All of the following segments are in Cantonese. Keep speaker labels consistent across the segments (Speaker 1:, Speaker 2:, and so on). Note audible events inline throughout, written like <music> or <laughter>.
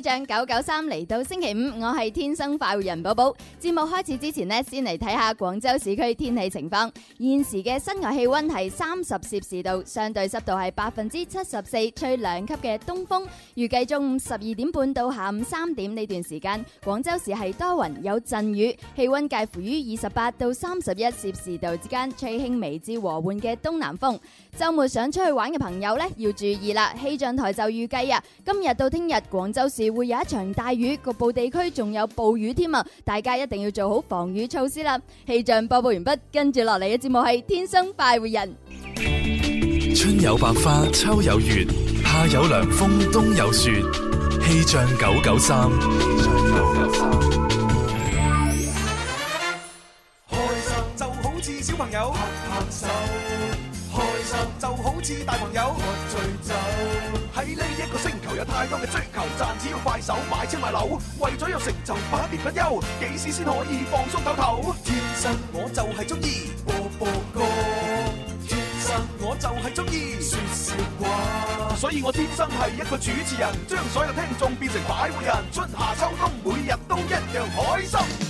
Speaker 1: 將九九三，嚟到星期五，我係天生快活人寶寶。節目開始之前呢，先嚟睇下廣州市區天氣情況。現時嘅室外氣溫係三十攝氏度，相對濕度係百分之七十四，吹兩級嘅東風。預計中午十二點半到下午三點呢段時間，廣州市係多雲有陣雨，氣溫介乎於二十八到三十一攝氏度之間，吹輕微至和緩嘅東南風。週末想出去玩嘅朋友呢，要注意啦。氣象台就預計啊，今日到聽日廣州市。會有一場大雨，局部地區仲有暴雨添啊！大家一定要做好防雨措施啦。氣象播報完畢，跟住落嚟嘅節目係《天生快活人》。
Speaker 2: 春有百花，秋有月，夏
Speaker 3: 有涼風，冬有雪。氣象九九三，氣象九九三，開心就好似小朋友拍拍手，開心就好似大朋友喝醉酒。喺呢一個星。有太多嘅追求，賺錢要快手，買車買樓，為咗有成就百，百年不休，幾時先可以放鬆透透？天生我就係鍾意播播歌，天生我就係鍾意説笑話，所以我天生係一個主持人，將所有聽眾變成快活人，春夏秋冬每日都一樣開心。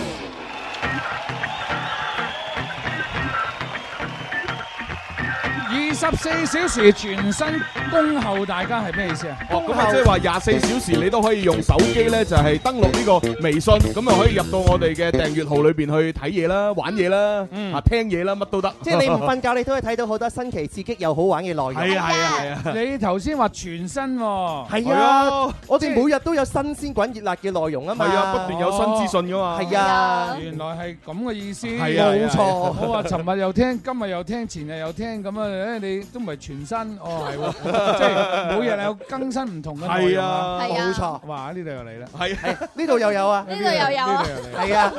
Speaker 4: 二十四小時全新恭候大家係咩
Speaker 5: 意思啊？哦，咁即係話廿
Speaker 6: 四小時你都可以用手機咧，就係登錄呢個微信，咁啊可以入到我哋嘅訂閱號裏邊去睇嘢啦，玩嘢啦、啊聽嘢啦，乜都得。即係你唔瞓
Speaker 2: 覺，你都可以睇到好多新奇，刺激又好玩嘅內容。係啊係啊係啊！你頭先話全
Speaker 4: 新喎，
Speaker 2: 係啊，我哋每日都有新鮮滾熱辣嘅內容啊嘛。係啊，不斷有新資訊噶嘛。係啊，原
Speaker 4: 來係咁嘅意思，係啊，冇錯。好啊。我話尋
Speaker 2: 日又聽，今
Speaker 4: 日又聽，前日又聽，咁啊誒。你都唔係全新哦，係即係每日有
Speaker 2: 更新唔同嘅，係啊，冇錯，哇！呢度又嚟啦，係呢度又有啊，呢度又有
Speaker 4: 啊，係啊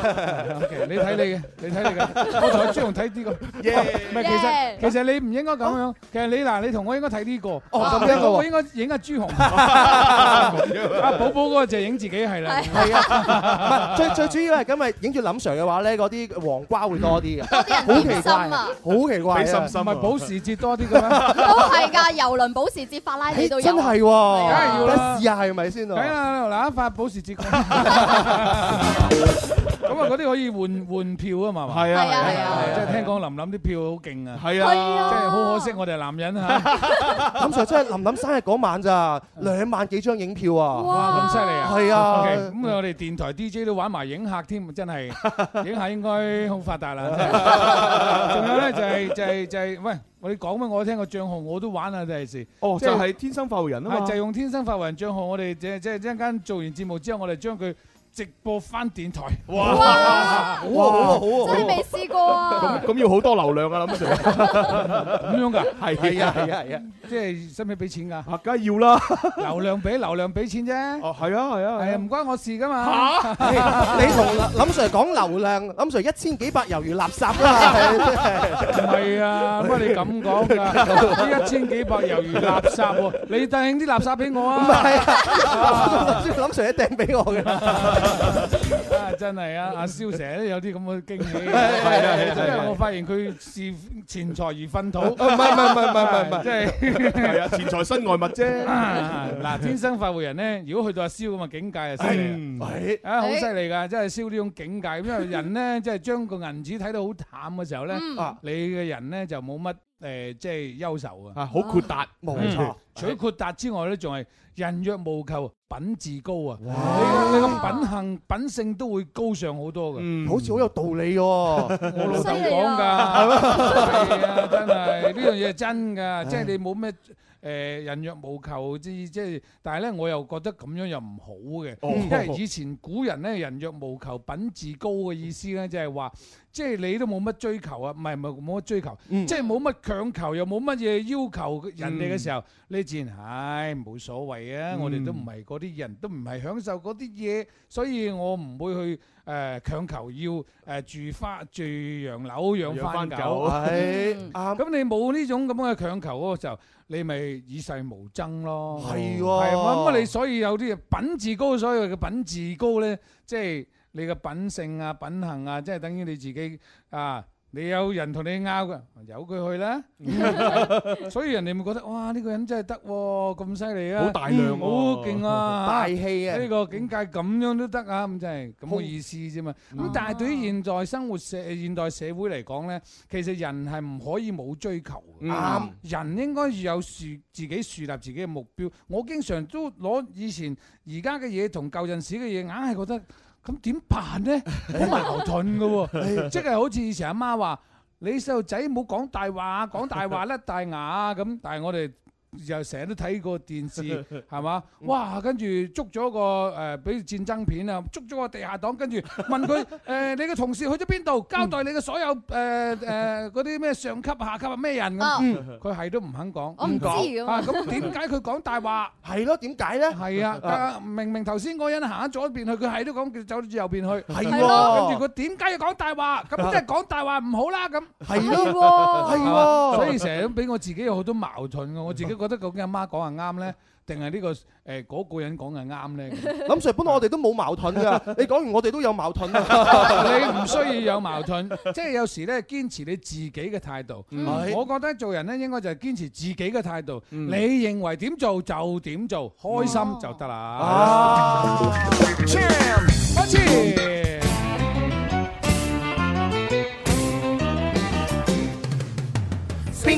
Speaker 5: ，OK，你睇你嘅，你睇你嘅，我
Speaker 4: 同朱紅睇呢個，唔係其實其實你唔應該咁樣，其實你嗱你同我應該睇呢個，哦咁樣，我應該影阿朱紅，阿寶寶嗰個就係影自己係啦，係
Speaker 5: 啊，
Speaker 2: 唔係最最主要係因為影住林 Sir 嘅話咧，嗰啲黃瓜會多啲嘅，好奇怪啊，好奇怪，係咪保時捷多？
Speaker 1: 多啲㗎，都係㗎，郵輪保時捷法拉利都要，真係，梗係
Speaker 2: 要啦，試下係咪先啊？梗啦，
Speaker 1: 嗱一塊保時捷
Speaker 4: 咁啊，嗰啲可以換換票啊嘛，係啊，係啊，即係聽講琳琳啲票好勁啊，係啊，即係好可惜，我哋係男人啊，
Speaker 2: 咁就真係琳琳生日嗰晚咋，兩萬幾張影票啊，哇，咁犀利啊，係啊，咁我
Speaker 4: 哋電台 DJ 都玩埋影客添，真係影客應該好發達啦，仲有咧就係就係就係喂。我哋講俾我聽個賬號，我都玩啊，第時哦，係、就是就是、天生快活人嘛，嘛，就用天生快活人賬號，我哋即係即係做完節目之後，我哋將佢。直播翻電台，
Speaker 1: 哇，哇，好啊，好啊，真係未試過啊！咁咁
Speaker 6: 要好多流量啊，林 Sir，
Speaker 5: 咁樣㗎？係係啊係啊係啊！即係
Speaker 4: 使唔使俾錢㗎？梗係要啦，
Speaker 2: 流量俾流量俾錢啫。哦，係啊係啊，係啊，唔關我事㗎嘛。你同林 Sir 講流量，林 Sir 一千幾百猶如垃圾啦，
Speaker 5: 係啊，
Speaker 4: 乜你咁講㗎？啲一千幾百猶如垃圾喎，你掟啲垃
Speaker 2: 圾俾我啊？唔係啊，林 Sir 掟俾我㗎。
Speaker 4: <laughs> 啊！真係啊，阿蕭成日都有啲咁嘅經驗，因為我發現佢視錢財如糞土。唔係唔係唔係唔係，即係係啊，錢財身外物啫。嗱、 <laughs> 啊，天生發戶人咧，如果去到阿蕭咁嘅境界就，哎，啊，係啊，好犀利噶，即係蕭呢種境界。因為人咧，即係將個銀紙睇到好淡嘅時候咧，啊，嗯，你嘅人咧就冇乜。誒、呃、即係優秀啊！好豁達，冇錯、嗯。除咗豁達之外咧，仲係人若無求，品自高啊！哇你你個品行品性都會高尚好多嘅、嗯，好似好有道理喎、啊。 <laughs> 我老豆講㗎，真係呢樣嘢係真㗎，即係 <laughs> 你冇咩。誒人若無求，即即係，但係咧，我又覺得咁樣又唔好嘅，哦、因為以前古人咧，人若無求，品自高嘅意思咧，就係話，即係你都冇乜追求啊，唔係唔係冇乜追求，追求嗯、即係冇乜強求，又冇乜嘢要求人哋嘅、嗯、時候，自然唉冇所謂啊，嗯、我哋都唔係嗰啲人，都唔係享受嗰啲嘢，所以我唔會去。誒、呃、強求要誒、呃、住花住洋樓養番狗，啱。咁、 <laughs> 嗯、你冇呢種咁嘅強求嗰個時候，你咪與世無爭咯。係
Speaker 2: 喎是、啊，係喎。咁啊，
Speaker 4: 你所以有啲嘢品質高，所以嘅品質高咧，即係你嘅品性啊、品行啊，即係等於你自己啊。你有人同你拗㗎，由佢去啦。所以人哋咪覺得哇呢個人真係得喎，咁犀利啊！好大量喎，好勁啊，大氣啊！呢個境界咁樣都得啊，咁真係咁嘅意思啫嘛。咁但係對於現在生活社現代社會嚟講咧，其實人係唔可以冇追求嘅。人應該要有樹自己樹立自己嘅目標。我經常都攞以前而家嘅嘢同舊陣時嘅嘢，硬係覺得。咁點辦咧？好 <laughs> 矛盾嘅喎，即係 <laughs> 好似以前阿媽話：你細路仔冇講大話，講大話甩大牙啊咁。但係我哋，又成日都睇個電視係嘛？哇！跟住捉咗個誒，比如戰爭片啊，捉咗個地下黨，跟住問佢誒，你嘅同事去咗邊度？交代你嘅所有誒誒嗰啲咩上級下級啊咩人咁。佢係都唔肯講，唔講。啊咁點解佢講大話？係咯，點解咧？係啊，明明頭先嗰個人行喺左邊去，佢係都講佢走咗右邊去。係喎。跟住佢點解要講大話？咁即係講大話唔好啦。咁係咯，係喎。所以成日都俾我自己有好多矛盾嘅，我自己。覺得究竟阿媽講係啱咧，定係呢個誒嗰個人講係啱咧？咁
Speaker 2: <laughs> 本來我哋都冇矛盾㗎，你講完我哋都有矛盾啦。 <laughs> <laughs> 你
Speaker 4: 唔需要有矛盾，即係有時咧堅持你自己嘅態度。嗯、我覺得做人咧應該就係堅持自己嘅態度。嗯、你認為點做就點做，開心就得啦。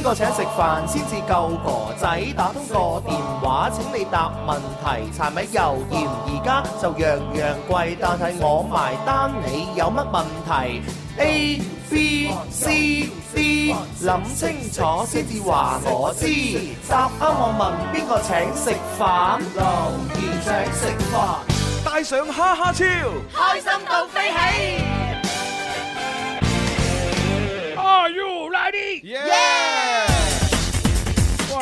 Speaker 2: 邊個請食飯先至夠個仔？打通個電話，請你答問題。柴米油鹽而家就樣樣貴，但係我埋單。你有乜問題？A B C D，諗清楚先至話我知。答啱我問，邊個請食飯？留言請食飯，帶上哈哈超，開心到
Speaker 5: 飛
Speaker 4: 起。Are you ready? Yeah. yeah.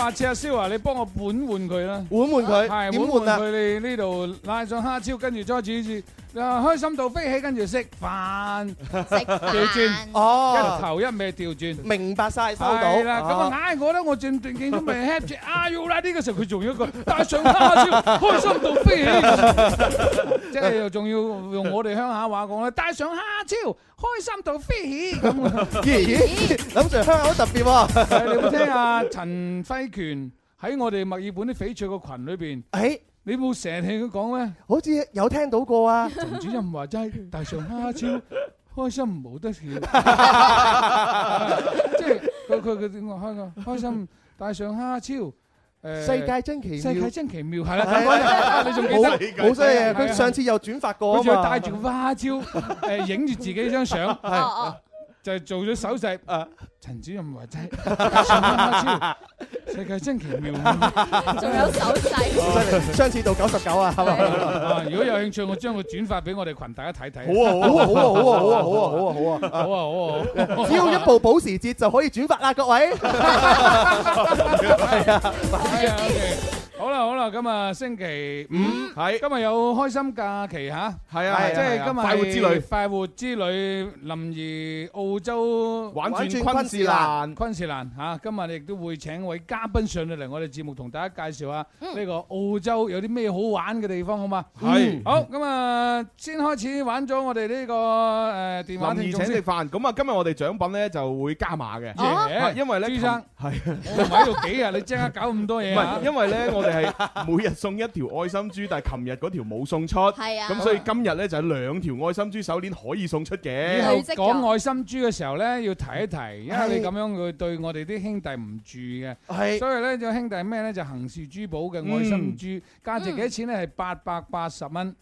Speaker 4: 下次阿蕭啊，你幫我換換佢啦，換換佢，係換換佢，你呢度拉上蝦椒，跟住再開始，開心到飛起，跟住食飯，食飯，調轉，一頭一尾調轉，明白晒，收到啦。咁啊，嗌我咧，我正正經都未 help 住阿 U 拉呢個時候，佢仲要佢帶上蝦椒，開心到飛起，即係又仲要用我哋鄉下話講咧，帶上蝦椒。開心到飛起咁，諗住好
Speaker 2: 特別喎、啊！你有冇聽啊？
Speaker 4: 陳輝權喺我哋墨爾本啲翡翠個群裏邊，哎、欸，你冇成日聽佢講咩？
Speaker 2: 好似有聽到過啊！
Speaker 4: 陳主任話齋，戴上蝦超，開心冇得笑，即係佢佢佢點話開個開心，戴上蝦超。世界真奇妙，世界真奇妙，係啦，你仲記得好犀利，佢上次又轉發過啊嘛，佢仲帶住個花招，誒，影住自己張相，就係做咗手勢，陳主任話齋，
Speaker 2: 花招。
Speaker 4: 世界真奇妙，仲有手勢，犀利，
Speaker 2: 相似到九十九啊！係嘛？啊啊是是 share, like uh, 如果有
Speaker 4: 興趣，我將佢轉發俾我哋群大家睇睇。好啊，好啊，好啊，好啊，好啊，好啊，好啊，好啊，好啊，只要一
Speaker 2: 部保時捷、er、就可以轉發啦，各位。
Speaker 5: 係啊。好啦好啦，今
Speaker 4: 日星期五，今日有開心假期吓，係啊，即係今日快活之旅，快活之旅，林怡澳洲玩轉昆士蘭，昆士蘭吓，今日亦都會請位嘉賓上到嚟我哋節目，同大家介紹下呢個澳洲有啲咩好玩嘅地方，好嘛？係好，咁啊先開始玩咗我哋呢個誒電話聽筒先。林怡請食
Speaker 6: 飯，咁啊今日我哋獎品咧就會加碼嘅，因為咧，醫生
Speaker 4: 係我喺度幾日，你即刻搞咁多嘢，唔係因為咧我哋。係每
Speaker 6: 日送一條愛心珠，但係琴日嗰條冇送出，係啊，咁所以今日咧就係兩條愛心珠
Speaker 4: 手鏈可以送出嘅。然後講愛心珠嘅時候咧，要提一提，因為你咁樣會對我哋啲兄弟唔住嘅，係，所以咧就兄弟咩咧就恒氏珠寶嘅愛心珠價值幾多錢咧？係八百八十蚊，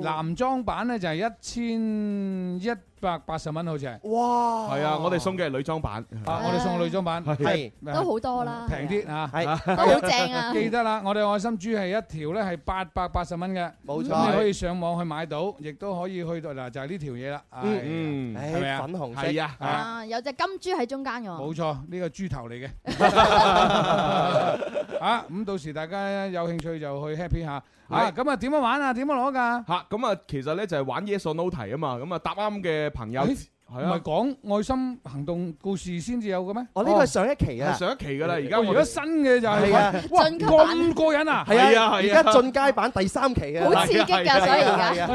Speaker 4: 男裝版咧就係一千一。百八十蚊好似係，哇！係啊，我哋送嘅係女裝版，我哋送嘅女裝版係都好多啦，平啲啊，都好正啊！記得啦，我哋愛心豬係一條咧，係八百八十蚊嘅，冇錯，你可以上網去買到，亦都可以去到嗱，就係呢條嘢啦，嗯嗯，係咪啊？粉紅色
Speaker 1: 啊，有隻金豬喺中間㗎喎，冇錯，
Speaker 4: 呢個豬頭嚟嘅嚇，咁到時大家有興趣就去 happy 下嚇，咁啊點樣玩啊？點樣攞㗎？嚇，咁啊其實咧就係玩 Yes or No 題
Speaker 6: 啊嘛，咁啊答啱嘅。朋友，唔係講
Speaker 4: 愛心行動故事
Speaker 6: 先至有嘅咩？我呢個係上一期啊，
Speaker 4: 上一期嘅啦。而家而家新嘅就係哇
Speaker 2: 咁過癮啊！係啊係，而家進階版第三期啊，
Speaker 4: 好刺激㗎！所以而家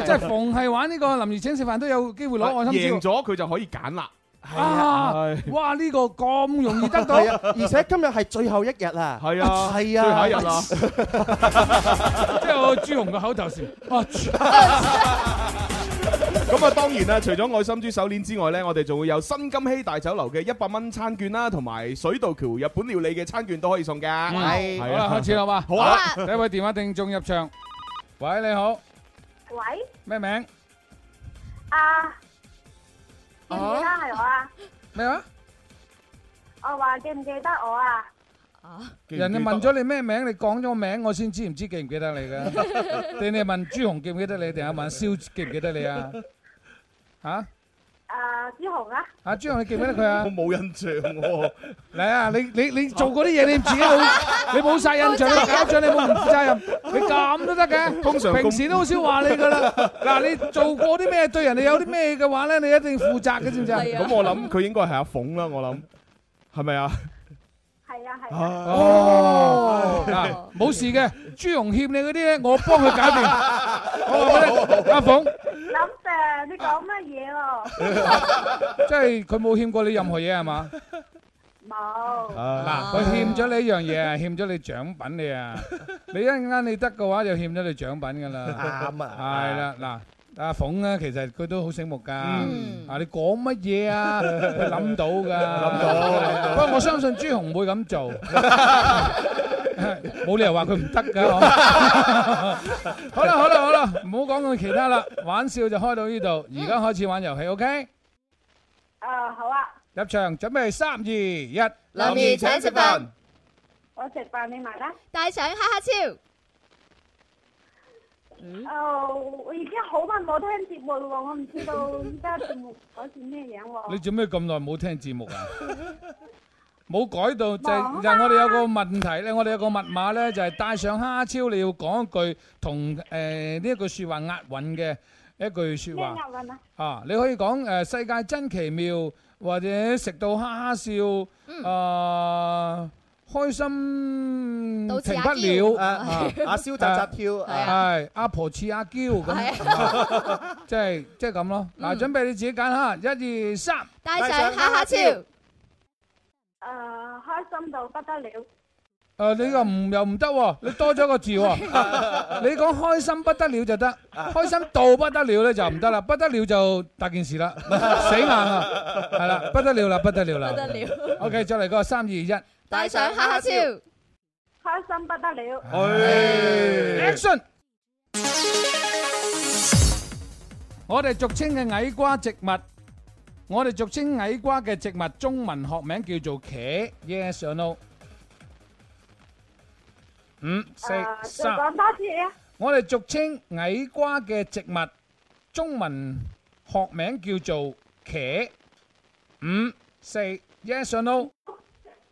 Speaker 4: 即係逢係玩呢個林如請
Speaker 2: 食飯都有機會攞愛心，贏
Speaker 6: 咗佢就可以揀啦。
Speaker 4: 啊！
Speaker 2: 哇！呢個咁容易得到，而且今日係最後一日啊！係啊！係啊！最後一日啦！
Speaker 5: 即係我
Speaker 4: 朱紅嘅口頭禪。
Speaker 6: 咁啊，當然啦！除咗愛心豬手鏈之外咧，我哋仲會有新金禧大酒樓嘅一百蚊餐券啦，同埋水道橋日本料理嘅餐券都可以送噶。係，好啦，開始啦嘛。好啊，第一位電
Speaker 4: 話聽眾入場。喂，你好。
Speaker 1: 喂。咩名？啊。記得係我啊。
Speaker 4: 咩啊？
Speaker 7: 我話記唔記得我
Speaker 1: 啊？啊。人哋問咗
Speaker 4: 你咩名，你講咗名，我先知唔知記唔記得你噶。定你問朱紅記唔記得你，定係問蕭記唔記得你啊？吓，阿朱紅啊！阿朱紅，你記唔記得佢啊？我冇印象喎。你啊，你你你做過啲嘢，你自己冇，你冇晒印象。你校長，你冇唔負責任，你咁都得嘅？通常平時都好少話你噶啦。嗱，你做過啲咩？對人哋有啲咩嘅話咧，你一定要負責嘅，知唔知啊？咁我諗，
Speaker 6: 佢應該係阿鳳啦，我諗，
Speaker 4: 係咪啊？係啊係哦，冇事嘅，朱蓉欠你嗰啲咧，我幫佢解決。阿鳳，阿
Speaker 7: 鳳，你講乜嘢咯？
Speaker 4: 即係佢冇欠過你任何嘢係嘛？
Speaker 7: 冇。
Speaker 4: 嗱，佢欠咗你一樣嘢啊，欠咗你獎品你啊，你一陣間你得嘅話就欠咗你獎品噶啦。啱啊，係啦嗱。阿馮呢，其實佢都好醒目噶。啊，你講乜嘢啊？佢諗到噶。諗到。不過我相信朱紅會咁做，冇理由話佢唔得噶。
Speaker 5: 好啦，好啦，好啦，
Speaker 4: 唔好講佢其他啦，玩笑就開到呢度。而家開始玩遊戲，OK？啊，好啊。入場準備三二一，劉儀，請食飯。
Speaker 1: 我食飯，你埋單。帶上哈哈超。
Speaker 5: 誒，我而家
Speaker 4: 好耐冇聽節目咯，我唔知道依家節目改成咩樣喎。你
Speaker 5: 做咩咁耐
Speaker 4: 冇聽節目啊？冇改到就係就係我哋有個問題咧，我哋有個密碼咧，就係帶上蝦超，你要講一句同誒呢一句說話押韻嘅一句說話。押韻啊？啊，你可以講誒世界真奇妙，或者食到哈哈笑啊。開心停不了，阿蕭紮紮跳，係阿婆似阿嬌咁，即係即係咁咯。嗱，準備你自己揀哈，一二三，帶上哈哈笑。誒，開心到不得了。誒，你又唔又唔得，你多咗個字。你講開心不得了就得，開心到不得了咧就唔得啦，不得了就大件事啦，死硬啊，係啦，不得了啦，不得了啦。不
Speaker 8: 得
Speaker 7: 了。OK，
Speaker 4: 再嚟個三二一。
Speaker 7: 帶上哈哈笑，開心
Speaker 4: 不得了。去，Action！我哋俗稱嘅矮瓜植物，我哋俗稱矮瓜嘅植物，中文學名叫做茄。Yes or no？五、四、三。我哋俗稱矮瓜嘅植物，中文學名叫做茄。五、四。Yes or no？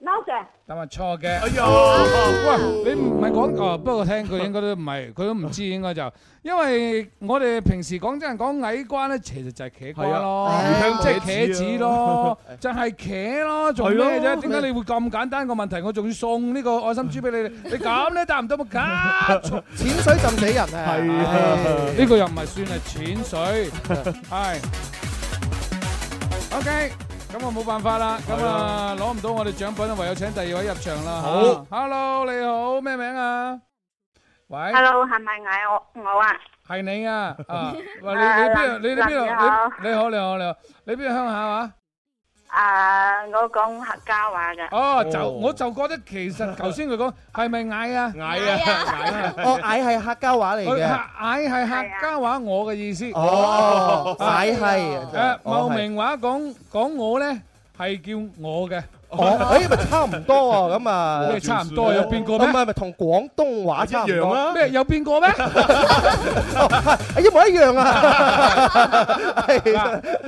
Speaker 4: 撈嘅，但係錯嘅。哎呦，哇！你唔係講哦，不過聽佢應該都唔係，佢都唔知應該就，因為我哋平時廣州人講矮瓜咧，其實就係茄子咯，即係茄子咯，就係茄咯，做咩啫？點解你會咁簡單個問題？我仲要送呢個愛心豬俾你哋，你咁咧答唔到，冇計，
Speaker 5: 淺水浸死人啊！呢個
Speaker 4: 又唔係算係淺水，係。OK。咁啊冇辦法啦，咁啊攞唔到我哋獎品啊，唯有請第二位入場啦。好，Hello，你好，咩名啊？喂
Speaker 7: ，Hello，
Speaker 4: 係咪嗌我？我我啊？係你啊？喂，你你邊度？你喺邊度？你好，你好，你好，你邊度鄉下啊？啊！Uh, 我講客家話嘅，哦、oh,，就我就覺得其實頭先佢講係咪矮啊？矮啊？矮啊？哦，矮係客家話嚟嘅、哦。矮係客家話，我嘅意思。哦，矮係。誒， <laughs> uh, 茂名話講講我咧係叫我嘅。
Speaker 2: 哦，哎咪差唔多啊，咁啊，咩差唔多啊？有邊個？唔係唔係同廣東話一樣啊？
Speaker 4: 咩有邊個
Speaker 2: 咩？係一模一樣啊！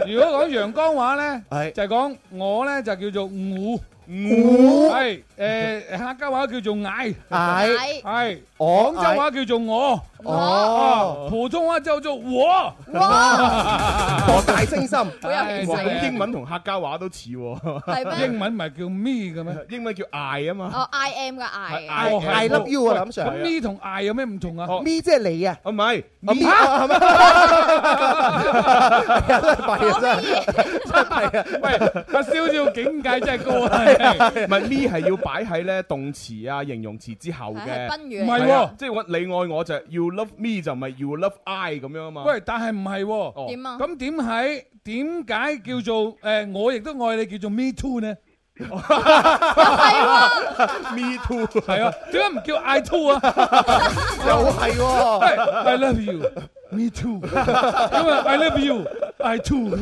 Speaker 4: 如果講陽江話咧，就係講我咧就叫做吾吾，係誒客家話叫做矮矮，係。廣州話叫做我，哦，普通話就做我，哇，大聲心，
Speaker 1: 好有氣勢，咁英文
Speaker 4: 同客家話都似，係英文唔係叫 me
Speaker 6: 嘅咩？英文叫 I 啊嘛，哦
Speaker 1: ，I am 嘅 I，哦，I love you 啊，咁
Speaker 6: 上，咁 me 同 I 有
Speaker 2: 咩唔同啊？Me 即係你啊，唔係，唔係，真係咪？啊真係，真係
Speaker 4: 啊！喂，阿少少境界真係高啊，
Speaker 6: 唔係 me 係要擺喺咧動詞啊形容詞之後嘅，唔係。即係我你愛我就係 You love me 就唔係 You love I 咁樣
Speaker 4: 啊嘛。喂，但係唔係，點啊？咁點解？點解叫做誒、呃、我亦都愛你叫做 Me too 呢？唔係喎，Me too。係啊，點解唔叫 I too 啊？
Speaker 2: 又係喎，I love you。Me too，咁啊
Speaker 4: ，I love you，I
Speaker 2: too。咁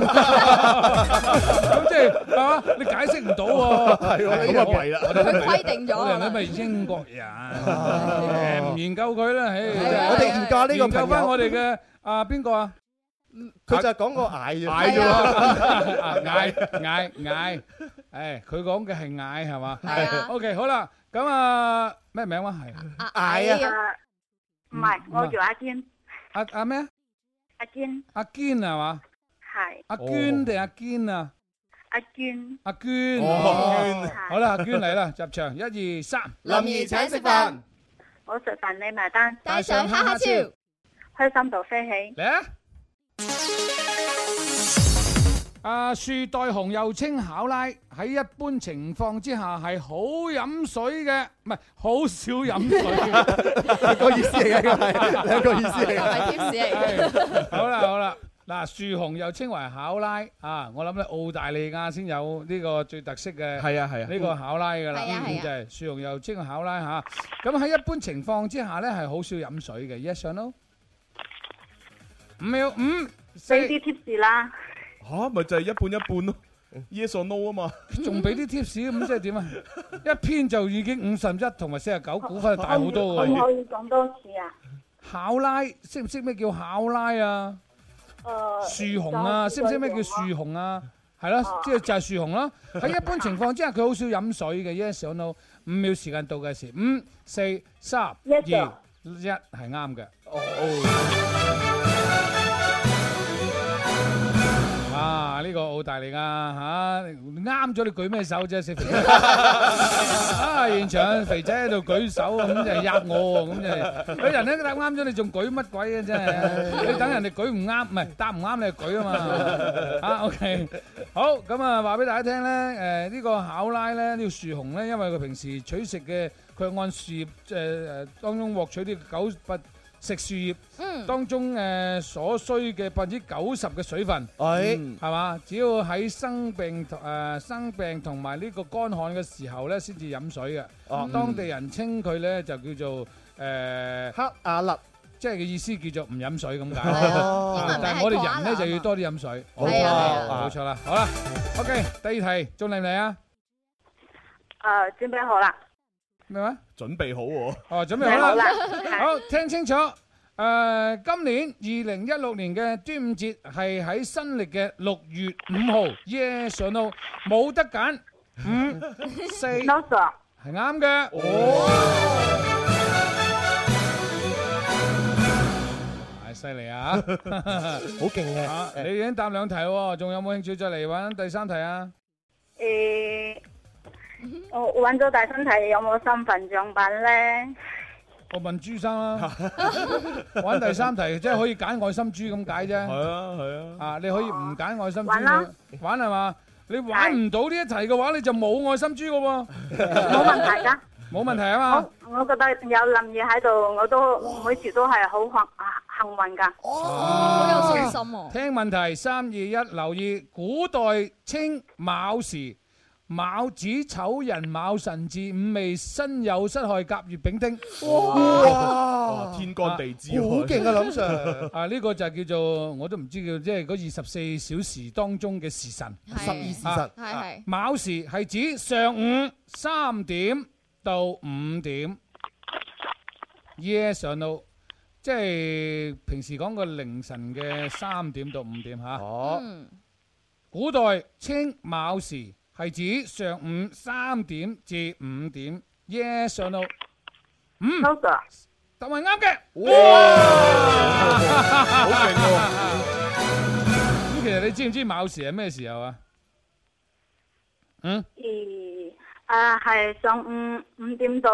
Speaker 2: 即係啊，你解釋唔到喎。係喎，咁啊弊啦。佢規定咗，你咪
Speaker 4: 英國人，唔研究佢啦。唉，我哋而家呢個研究返我哋嘅啊邊個啊？佢就講個矮啫嘛，矮矮矮，誒，佢講嘅係矮係嘛？係。OK，好啦，咁啊咩名啊？係矮啊，唔係，我叫阿堅。阿阿咩啊？
Speaker 7: 阿娟。
Speaker 4: 阿娟係嘛？
Speaker 7: 係。阿娟
Speaker 4: 定阿娟啊？阿娟。阿娟。哦。好啦，阿娟嚟啦，入場，一二三。林兒請食飯。
Speaker 7: 我食飯你埋單。帶上哈哈笑，開心到飛起。
Speaker 4: 嚟啊！啊，樹袋熊又稱考拉，喺一般情況之下係好飲水嘅，唔係好少飲水。個意思嚟嘅，係兩個意思嚟嘅，唔係貼士嚟嘅。好啦好啦，嗱，樹熊又稱為考拉啊，我諗咧澳大利亞先有呢個最特色嘅，係啊係啊，呢個考拉噶啦，呢個就係樹熊又稱為考拉吓。咁喺一般情況之下咧，係好少飲水嘅。一上樓，五秒五，
Speaker 7: 俾啲貼士啦。
Speaker 4: 吓，咪就係一半一半咯，yes or no 啊嘛，仲俾啲 tips 咁即係點啊？一篇就已經五十一同埋四十九，股份大好多可以講多次啊？考拉，識唔識咩叫考拉啊？誒，樹熊啊，識唔識咩叫樹熊啊？係咯，即係就係樹熊咯。喺一般情況之下，佢好少飲水嘅。Yes or no？五秒時間倒計時，五、四、三、二、一，係啱嘅。哦。呢個澳大利亞嚇啱咗你舉咩手啫？啊，現場肥仔喺度舉手，咁就呃我喎，咁就啲人咧答啱咗你仲舉乜鬼啊？真係你等人哋舉唔啱，唔係答唔啱你係舉啊嘛？啊，OK，好咁啊，話俾大家聽咧，誒呢個考拉咧，呢個樹熊咧，因為佢平時取食嘅，佢按樹葉誒誒當中獲取啲果殼。食樹葉，當中誒所需嘅百分之九十嘅水分，係嘛？只要喺生病同誒生病同埋呢個乾旱嘅時候咧，先至飲水嘅。當地人稱佢咧就叫做誒黑阿立，即係嘅意思叫做唔飲水咁解。但係我哋人咧就要多啲飲水。冇錯啦，好啦，OK，第二題仲嚟唔嚟啊？誒，準備
Speaker 7: 好啦。咩話？
Speaker 4: 準備好喎！哦，準備好啦。好，聽清楚。誒，今年二零一六年嘅端午節係喺新歷嘅六月五號。耶，上路冇得揀。嗯，四係啱嘅。哦，太犀利啊！好勁啊。你已經答兩題，仲有冇興趣再嚟揾第三題啊？
Speaker 5: 誒。
Speaker 7: 我玩咗第三題有冇三份獎品咧？我問朱生啦，
Speaker 4: 玩第三題即係可以揀愛心豬咁解啫。係啊係啊，啊你可以唔揀愛心豬玩啦，玩係嘛？你玩唔到呢一題嘅話，你就冇愛心豬噶喎。冇問題噶，冇問題啊嘛。
Speaker 7: 我我覺得有林爺喺度，我都每次都係好幸幸運噶。哦，好有信
Speaker 4: 心，聽問題三二一，留意古代稱卯時。卯子丑寅卯辰巳午未申酉戌亥，甲乙丙丁。哇，天干地支好勁嘅林 sir，啊呢個就叫做我都唔知叫，即係嗰二十四小時當中嘅時辰，十二時辰係，係卯時係指上午三點到五點，夜上到即係平時講個凌晨嘅三點到五點吓。好，古代稱卯時。係指上午三點至五點，yes or no？嗯，答案啱嘅，哇，好勁，哦！咁 <laughs> 其實你知唔知卯時係咩時候啊？
Speaker 7: 嗯。 <noise> 誒，係上
Speaker 4: 午五點到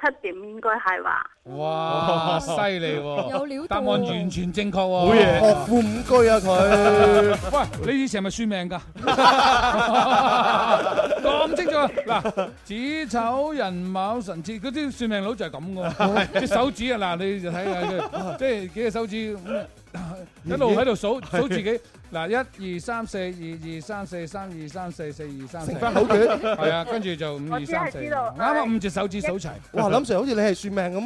Speaker 4: 七點應該係話。哇，犀利喎！答案完全正確喎！會學
Speaker 2: 富五車啊佢。
Speaker 4: 喂，你以前係咪算命噶？咁清楚嗱，子丑寅卯辰巳，嗰啲算命佬就係咁噶，隻手指啊嗱，你就睇下，即係幾隻手指。一路喺度數數自己，嗱一二三四，二二三四，三二三四，四二三四，好短係啊，跟住就五二三四，啱啱五隻手指數齊，哇，
Speaker 2: 林 Sir 好似你係算命咁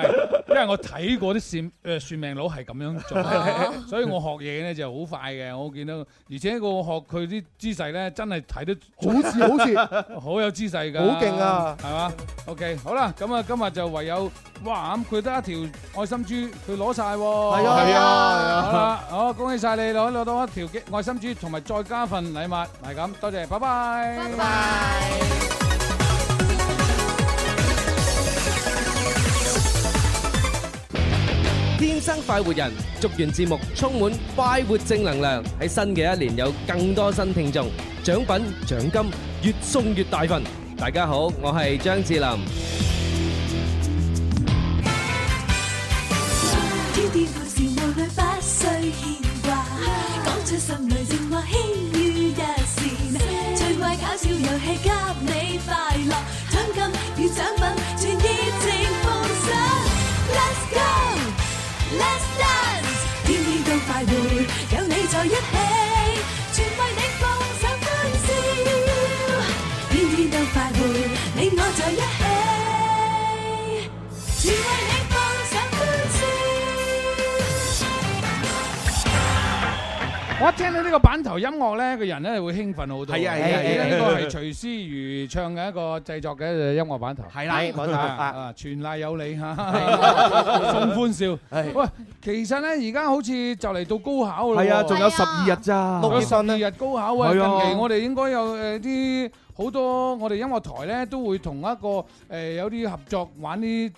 Speaker 2: 喎。
Speaker 4: <laughs> <laughs> 因為我睇過啲算誒算命佬係咁樣做，所以我學嘢咧就好快嘅。我見到，而且我學佢啲姿勢咧，真係睇得好似好似，好有姿勢噶，好勁啊，係嘛？OK，好啦，咁啊，今日就唯有哇咁，佢得一條愛心豬，佢攞晒，係啊，係啊，好啦，好恭喜晒你攞攞到一條嘅愛心豬，同埋再加份禮物，係咁，多謝，拜拜，拜拜。
Speaker 3: 天生快活人，祝願節目充滿快活正能量，喺新嘅一年有更多新聽眾，獎品獎金越送越大份。大家好，我係張智霖。天天開笑會，
Speaker 5: 不需牽掛，
Speaker 9: 講出心裏正話，牽於一線，最愛搞笑遊戲，給你快樂。
Speaker 4: 我一聽到呢個版頭音樂咧，個人咧會興奮好多。係啊，而家呢個係徐思如唱嘅一個製作嘅音樂版頭。係啦，版頭啊，全賴有你嚇，送
Speaker 2: 歡笑。喂，
Speaker 4: 其實咧，而家好似就嚟到高考啦。係啊，仲有十二
Speaker 2: 日咋？六月十
Speaker 4: 二日高考啊！近期我哋應該有誒啲。好多我哋音樂台咧都會同一個誒、呃、有啲合作玩啲，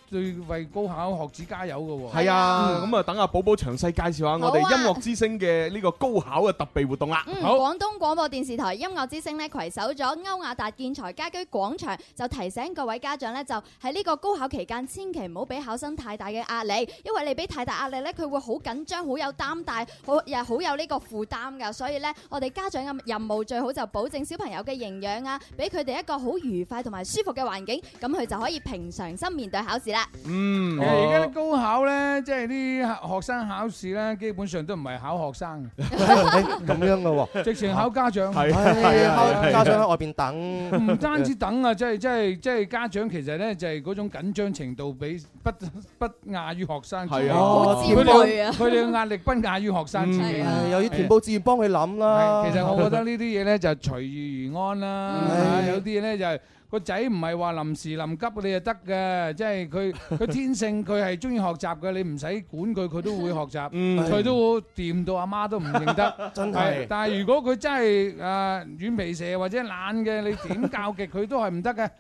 Speaker 4: 為高考學子加油嘅喎。係啊，咁
Speaker 6: 啊、嗯嗯、等阿寶寶詳細介紹下我哋音樂之聲嘅呢個高考嘅特備活動啦。好，
Speaker 1: 廣、嗯、東廣播電視台音樂之聲咧携手咗歐亞達建材家居廣場，就提醒各位家長咧，就喺呢個高考期間，千祈唔好俾考生太大嘅壓力，因為你俾太大壓力咧，佢會好緊張、好有擔大、好又好有呢個負擔噶。所以咧，我哋家長嘅任務最好就保證小朋友嘅營養啊。俾佢哋一個好愉快同埋舒服嘅環境，咁佢就可以平常心面對考試啦。嗯，
Speaker 2: 而
Speaker 4: 家高考咧，即係啲學生考試咧，基本上都唔係考學生，
Speaker 2: 咁樣嘅喎，直情考家長，係 <laughs> <laughs> 啊，家長
Speaker 4: 喺外邊等，唔 <laughs> 單止等啊，即係即係即係家長其實咧就係、係、嗰種緊張程度比不不亞於學生，係 <laughs> 啊，佢哋嘅壓力不亞於學生，又要填報志
Speaker 2: 願幫佢諗啦。其實我覺得呢啲嘢咧就
Speaker 4: 隨遇而安啦。 <laughs> 有啲嘢咧就係個仔唔係話臨時臨急你就得嘅，即係佢佢天性佢係中意學習嘅，你唔使管佢，佢都會學習，佢、 <laughs> 嗯、都會掂到阿媽，媽都唔認得。 <laughs> 真係是，但係如果佢真係誒、呃、軟皮蛇或者懶嘅，你點教極佢都係唔得嘅。嚇、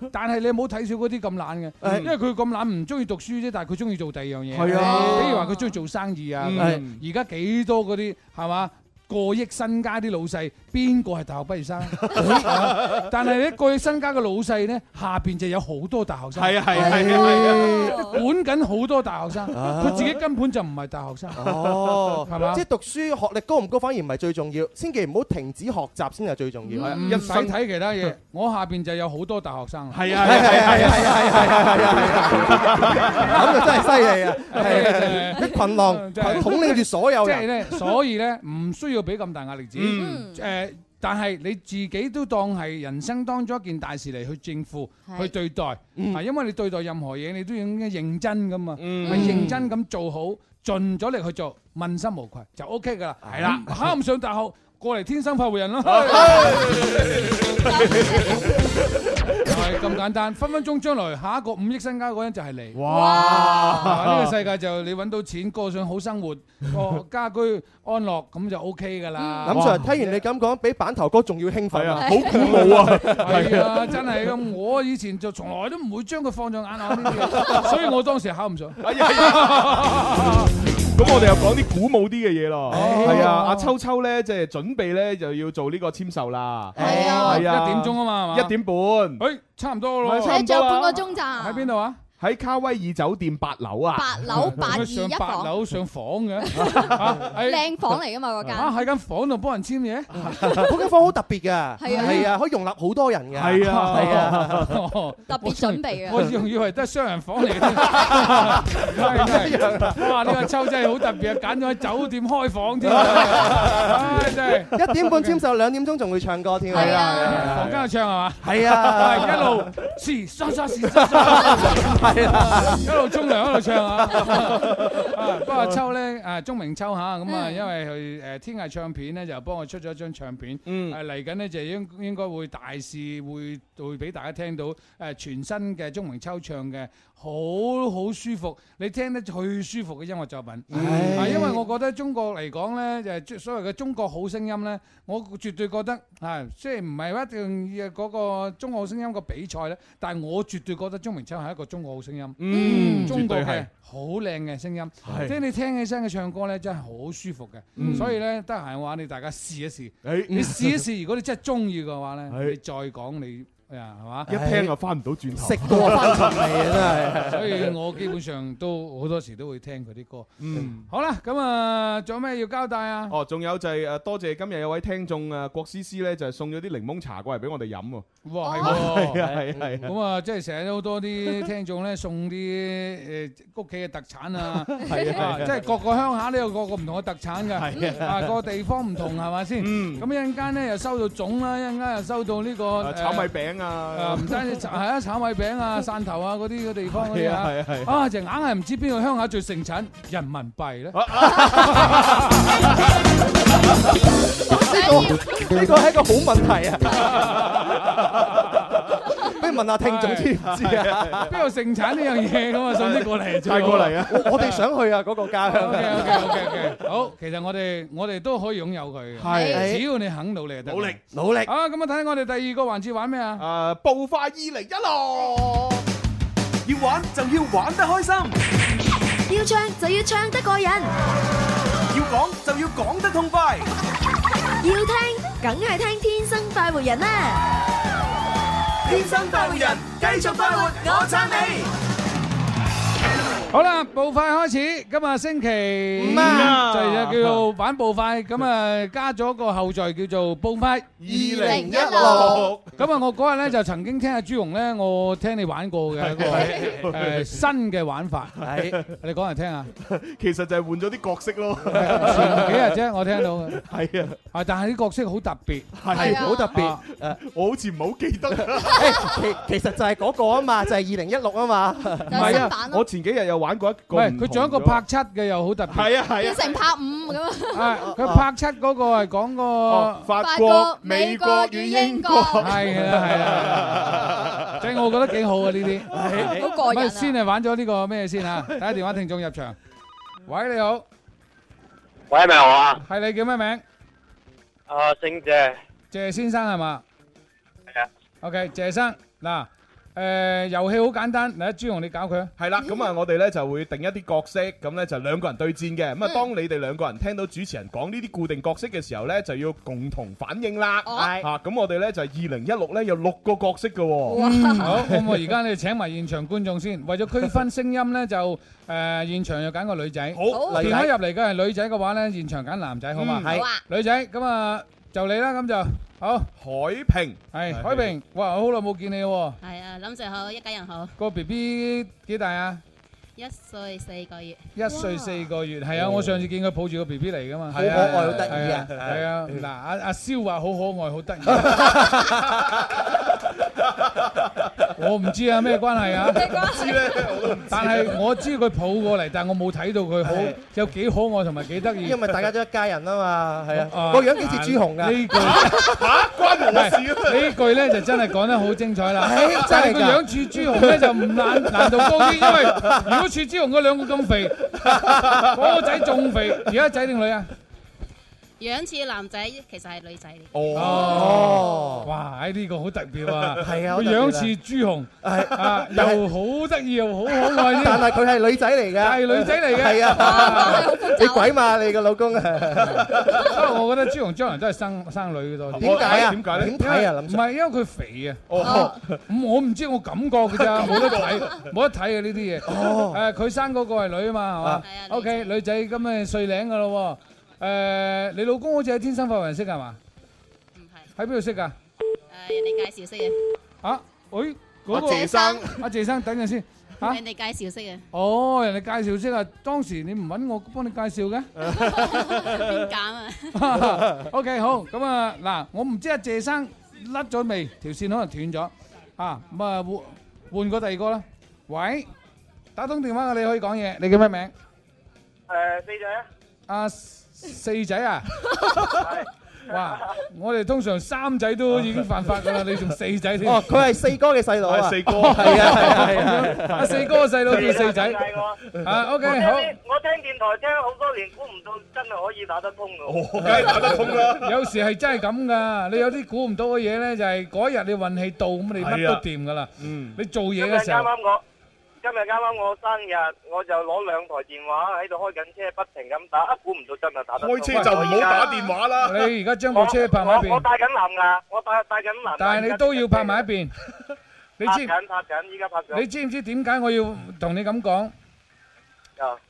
Speaker 4: 嗯！但係你唔好睇少嗰啲咁懶嘅，因為佢咁懶唔中意讀書啫，但係佢中意做第二樣嘢。係啊，比如話佢中意做生意啊。係、嗯，而家、嗯、幾多嗰啲係嘛？過億身家啲老細，邊個係大學畢業生？但係咧，過億身家嘅老細咧，下邊就有好多大學生。係啊係係，
Speaker 2: 管緊好多大學生，
Speaker 5: 佢
Speaker 4: 自己根本就唔係大學生。哦，係嘛？即係
Speaker 2: 讀書學歷高唔高，反而唔係最重要。千祈唔好停止學習先係最重要。唔使睇
Speaker 4: 其他嘢，我下邊就有好多大學生。係啊係啊係啊係啊係啊係啊！咁就真係犀利啊！啲羣狼統領住所有人。即係咧，所以咧唔需要。要俾咁大壓力自己，誒！但係你自己都當係人生當中一件大事嚟去正負去對待，係因為你對待任何嘢你都要認真噶嘛，係認真咁做好，盡咗力去做，問心無愧就 OK 噶啦，係啦，考唔上大學過嚟天生快活人咯。係咁簡單，分分鐘將來下一個五億身家嗰人就係你。
Speaker 2: 哇！呢個世
Speaker 4: 界就你揾到錢過上好生活，個家居安樂咁就 OK 噶啦。林 Sir 聽完
Speaker 2: 你咁講，比板頭哥仲要興奮啊！好鼓
Speaker 4: 舞啊！係啊，真係啊！我以前就從來都唔會將佢放在眼上眼啊！ <laughs> 所以我當時考唔上。咁我哋又講啲古舞
Speaker 6: 啲嘅嘢咯，係、哦、啊，阿秋秋咧即係準備咧就要做呢個簽售啦，係、哦、啊，啊，一點鐘啊嘛，一點半，喂、欸，差唔多咯，仲有半個
Speaker 1: 鐘咋。喺邊度啊？
Speaker 4: 喺卡威爾酒店八樓啊！八
Speaker 6: 樓八二一房，
Speaker 4: 上房
Speaker 1: 嘅，靚房嚟噶嘛嗰間？啊喺
Speaker 4: 間房度幫人簽嘢，
Speaker 2: 嗰間房好特別噶，係啊，係啊，可以容納好多人噶，係啊，係啊，
Speaker 4: 特別準備啊！我仲以為都係雙人房嚟嘅。哇！呢個秋真係好特別啊，揀咗喺酒店開房添，唉，真係一點半
Speaker 2: 簽售，兩點鐘仲會唱歌添啊！啊，房間度
Speaker 4: 唱係嘛？係啊，一路係啦， <laughs> 一路沖涼一路唱啊！ <laughs> <laughs> 啊，不過秋咧，啊鍾明秋嚇咁啊，因為佢誒、呃、天藝唱片咧就幫我出咗張唱片，嗯，嚟緊咧就應該應該會大事會會俾大家聽到誒、啊、全新嘅鍾明秋唱嘅。好好舒服，你聽得最舒服嘅音樂作品。係，因為我覺得中國嚟講咧，就係所謂嘅中國好聲音咧，我絕對覺得係，雖然唔係一定嘅嗰個中國好聲音嘅比賽咧。但係我絕對覺得鍾明秋係一個中國好聲音，嗯，中國嘅好靚嘅聲音，即係你聽起身佢唱歌咧，真係好舒服嘅。所以咧，得閒嘅話，你大家試一試。你試一試，如果你真係中意嘅話咧，你再講你。係啊，係嘛，一聽就翻
Speaker 6: 唔到
Speaker 2: 轉頭，
Speaker 4: 食過翻出嚟。啊，真係，所以我基本上都好多時都會聽佢啲歌。嗯，好啦，咁啊，仲有咩要交代啊？
Speaker 6: 哦，仲有就係誒，多謝今日有位聽眾啊，郭思思咧，就係送咗啲檸檬茶過嚟俾我哋飲喎。哇，係啊，係啊，咁
Speaker 4: 啊，即係成日都好多啲聽眾咧，送啲誒屋企嘅特產啊，係即係各個鄉下都有各個唔同嘅特產㗎，啊，各個地方唔同係咪先？咁一陣間咧又收到粽啦，一陣間又收到呢個炒米餅。 <laughs> 啊！唔單止係啊，炒米餅啊、汕頭啊嗰啲個地方啲啊，啊，就硬係唔知邊個鄉下最盛產人民幣咧？
Speaker 2: 呢個呢個係一個好問題啊，啊！啊啊問下聽眾知唔知啊？邊度盛產呢樣嘢咁啊？送啲過嚟，帶過嚟啊！我我哋想去啊，嗰個家。O K O K O K O K，
Speaker 5: 好，
Speaker 4: 其實我哋我哋都可以擁有佢嘅，係只要你肯努力，努力努力。啊，咁啊，睇下我哋第二個環節玩咩啊？誒，爆快二零一六，要玩
Speaker 3: 就要玩得開心，要唱就要唱得過癮，要講就要講得痛快，要聽梗係聽天生快活人啦！天生快活人，繼續快活，我撐你！
Speaker 4: 好啦，步快開始。今日星期五啊，就係叫做玩步快。咁啊，加咗個後綴叫做步快二零一六。咁啊，我嗰日咧就曾經聽阿朱紅咧，我聽你玩過嘅，誒新嘅玩法。你講嚟聽下，其
Speaker 6: 實就係換咗啲角色咯。
Speaker 5: 前幾
Speaker 2: 日啫，我聽到嘅係啊，係但係啲角色好特別，係好特別。誒，我好似唔係好記得啊。其其實就係嗰個啊嘛，就係二零一六啊嘛。
Speaker 6: 唔係啊，
Speaker 4: 我前幾日又玩。玩過一個，唔
Speaker 6: 係佢仲有一個
Speaker 4: 拍七嘅，又好特
Speaker 6: 別，變成拍
Speaker 1: 五咁啊！係佢拍
Speaker 4: 七嗰個係講個法國、美國與英國，係啊係啊，即係我覺得幾好啊呢啲，好過癮啊！先係玩咗呢個咩先啊？睇下電話聽眾入場。喂你好，喂係咪我啊？係，你叫咩名？
Speaker 2: 啊，姓謝，
Speaker 4: 謝先生係嘛？係啊，OK，謝生嗱。誒遊戲好簡單，嗱朱紅你搞佢，
Speaker 6: 係啦咁啊，我哋咧就會定一啲角色，咁咧就兩個人對戰嘅，咁啊當你哋兩個人聽到主持人講呢啲固定角色嘅時候咧，就要共同反應啦。係啊，咁我哋咧就係二零一六咧有六個角色嘅。好，咁我而
Speaker 4: 家咧請埋現場觀眾先，為咗區分聲音咧就誒現場又揀個女仔，好，如果入嚟嘅係女仔嘅話咧，現場揀男仔好嘛？係，女仔咁啊。就你啦，咁就好。海平係是是海平，哇，好耐冇見你喎。
Speaker 9: 係啊，
Speaker 4: 林 sir 好，一家人好。個 B B 幾大啊？一歲四個月，一歲四個月，係啊！我上次見佢抱住個 BB 嚟噶嘛，好可愛，好得意啊！係啊，嗱，阿阿蕭話好可愛，好得意，我唔知啊，咩關係啊？咩關係咧？
Speaker 5: 但係
Speaker 4: 我知佢抱過嚟，但係我冇睇到佢好有幾可愛同埋幾得意。因為大家都
Speaker 2: 一家人啊嘛，係啊，個樣幾似朱紅噶？呢句
Speaker 5: 吓關
Speaker 4: 紅嘅事？呢句咧就真係講得好精彩啦！真係個樣似朱紅咧，就唔難難度高啲，因為。好似之文嗰兩個咁肥，嗰個仔仲肥，而家仔定女啊？
Speaker 9: 養似男仔，其實係女仔
Speaker 4: 嚟。哦，哇！喺呢個好特別啊。係啊，我樣似朱紅，啊又
Speaker 2: 好得意又好可愛。但係佢係女仔嚟噶。係女仔嚟嘅。係啊。你鬼嘛？你個老公
Speaker 4: 啊？我覺得朱紅將來真係生生女多。點解啊？點解咧？唔係因為佢肥啊。哦。唔，我唔知我感覺嘅咋，冇得睇，冇得睇啊呢啲嘢。哦。誒，佢生嗰個係女啊嘛，係嘛？係啊。O K，女仔咁啊碎領噶咯。誒，你老公好似喺天生髮廊識嘅係嘛？唔係，喺邊度識噶？
Speaker 9: 誒，人
Speaker 4: 哋介紹識嘅。啊，誒，嗰個阿謝生，阿謝生，等陣先。吓，人
Speaker 9: 哋介紹
Speaker 4: 識嘅。哦，人哋介紹識啊，當時你唔揾我幫你介紹嘅。點揀啊？OK，好，咁啊，嗱，我唔知阿謝生甩咗未，條線可能斷咗。吓，咁啊換換個第二個啦。喂，打通電話嘅你可以講嘢，你叫咩名？
Speaker 7: 誒，四仔。
Speaker 4: 阿。四仔啊！哇，我哋通常三仔都已經犯法
Speaker 5: 噶啦，你仲四仔先？哦，佢係四哥嘅細佬啊！四哥，係啊，係啊，係啊，阿四哥嘅細佬變四仔。啊，OK，好。我聽電台聽好多年，估唔到真係可
Speaker 2: 以打得通噶。梗係打得通啦，
Speaker 4: 有時係真係咁噶。你有啲估唔到嘅嘢咧，就係嗰一日你運氣到，咁你乜都掂噶啦。嗯，你做嘢嘅時候。啱
Speaker 2: 啱講。今日啱啱我生日，我就攞兩台
Speaker 7: 電話喺度開緊車，不停咁打，估、啊、唔到真係打得到。開車就唔好打電話啦。在 <laughs> 你而家將部車拍埋一邊。我我帶緊藍牙，我帶我帶緊藍牙。但
Speaker 4: 係你都要拍埋一邊。
Speaker 2: 拍緊拍緊，依家拍緊。你知
Speaker 4: 唔知點解我要同你咁講？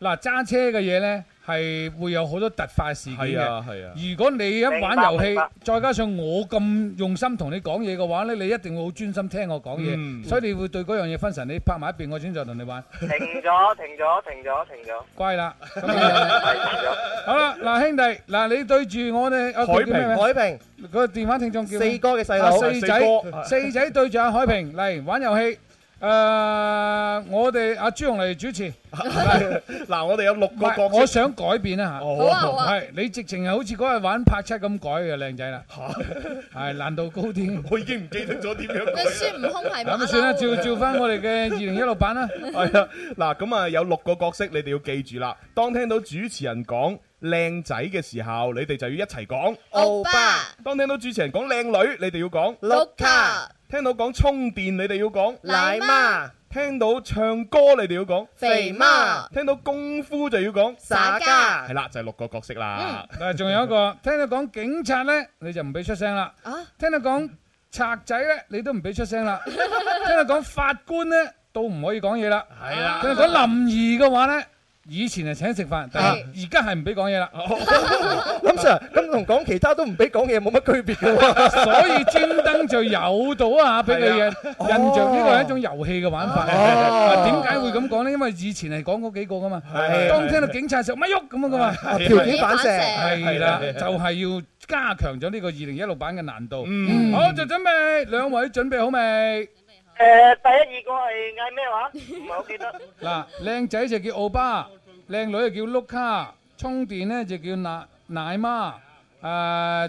Speaker 4: 嗱揸、 <laughs> 啊、車嘅嘢咧。係會有好多突發事件嘅。係啊係啊！如果你一玩遊戲，再加上我咁用心同你講嘢嘅話咧，你一定會好專心聽我講嘢。嗯。所以你會對嗰樣嘢分神。你拍埋一邊，我先再同你玩。停咗，停咗，停咗，停咗。乖啦。係停咗。好啦，嗱兄弟，嗱你對住我哋海平，海平個電話聽眾叫四哥嘅細路，四仔，四仔對住阿海平嚟玩遊戲。誒，我哋阿朱紅嚟主持，嗱，我哋有六個角色。我想改變啊吓，係你直情係好似嗰日玩拍七咁改嘅靚仔啦，係難度高啲，我已經唔記得咗點
Speaker 5: 樣。孫悟空係咁算啦，照照翻我
Speaker 4: 哋嘅二零一六版啦。
Speaker 5: 係
Speaker 6: 啊，嗱，咁啊有六個角色，你哋要記住啦。當聽到主持人講靚仔嘅時候，你哋就要一齊講歐巴。當聽到主持人講靚女，你哋要講歐巴。聽到講充電，你哋要講奶媽媽；聽到唱歌，你哋要講肥媽媽；聽到功夫就要講灑家。係啦，就係、是、六個角色
Speaker 4: 啦。但係、嗯，仲有一個， <laughs> 聽到講警察咧，你就唔俾出聲啦；啊、聽到講賊仔咧，你都唔俾出聲啦； <laughs> 聽到講法官咧，都唔可以講嘢啦。係啦，聽到講林兒嘅話咧。以前係請食飯，但係而家係唔俾講嘢啦。
Speaker 2: 林 Sir，咁同講其他都唔俾講嘢冇乜區別嘅喎，所以專登就
Speaker 4: 有到啊！俾佢嘅印象呢個係一種遊戲嘅玩法。點解會咁講咧？因為以前係講嗰幾個噶嘛。當聽到警察食咪喐咁啊嘛，條件反射係啦，就係要加強咗呢個二零一六版嘅難度。好，就準備，兩位準備好未？誒，第一、二個
Speaker 7: 係嗌咩
Speaker 4: 話？唔係好記得。嗱，靚仔就叫奧巴，靚女就叫碌卡，充電咧就叫奶奶媽，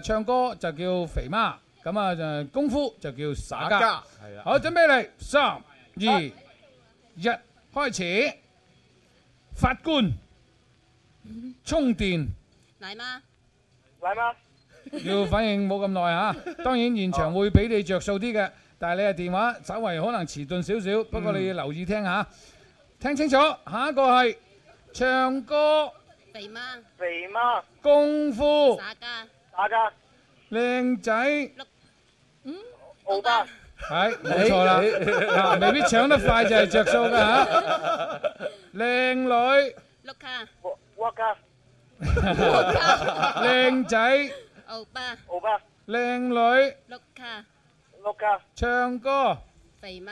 Speaker 4: 誒，唱歌就叫肥媽，咁啊，功夫就叫耍家。係啊。好，準備嚟，三、二、一，開始。法官，
Speaker 1: 充電。奶媽。奶媽。要反
Speaker 4: 應冇咁耐啊！當然現場會俾你着數啲嘅。但係你嘅電話，稍微可能遲鈍少少，不過你要留意聽下，聽清楚。下一個係唱歌，
Speaker 7: 肥媽，肥媽，
Speaker 4: 功夫，打家，打家，靚仔，
Speaker 7: 嗯，
Speaker 5: 歐巴，係，冇錯啦，未必搶得快就係著數㗎嚇。
Speaker 4: 靚女，
Speaker 5: 碌卡，沃沃卡，碌
Speaker 4: 卡，靚仔，
Speaker 7: 歐巴，歐巴，
Speaker 4: 靚女，碌卡。唱歌，
Speaker 7: 肥媽，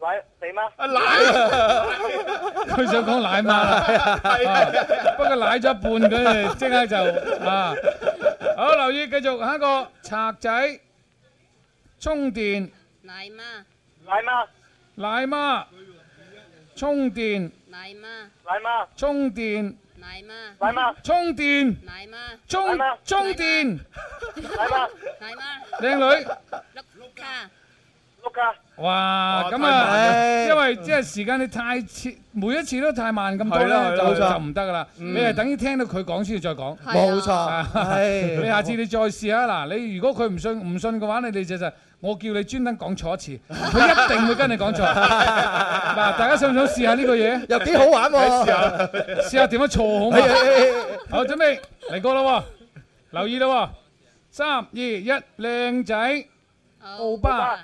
Speaker 7: 奶，肥媽，阿奶，佢想講
Speaker 4: 奶媽，係，不過奶咗一半佢就即刻就啊，好留意，繼續下一個賊仔充電，
Speaker 7: 奶媽，奶媽，
Speaker 4: 奶媽充電，奶媽，奶媽充電。嚟嘛！嚟嘛！充電！嚟嘛！充充電！
Speaker 7: 嚟嘛！嚟嘛！
Speaker 4: 靚女！碌碌卡。哇！咁啊，因為即係時間你太遲，每一次都太慢咁多啦，就唔得噶啦。你係等於聽到佢講先，再講冇錯。你下次你再試下嗱，你如果佢唔信唔信嘅話，你哋就就我叫你專登講錯一次，佢一定會跟你講錯。嗱，大家想唔想試下呢個嘢？又幾好玩喎！試下，試下點樣錯好唔好？好，準備嚟過啦，留意啦，三二一，靚仔奧巴。.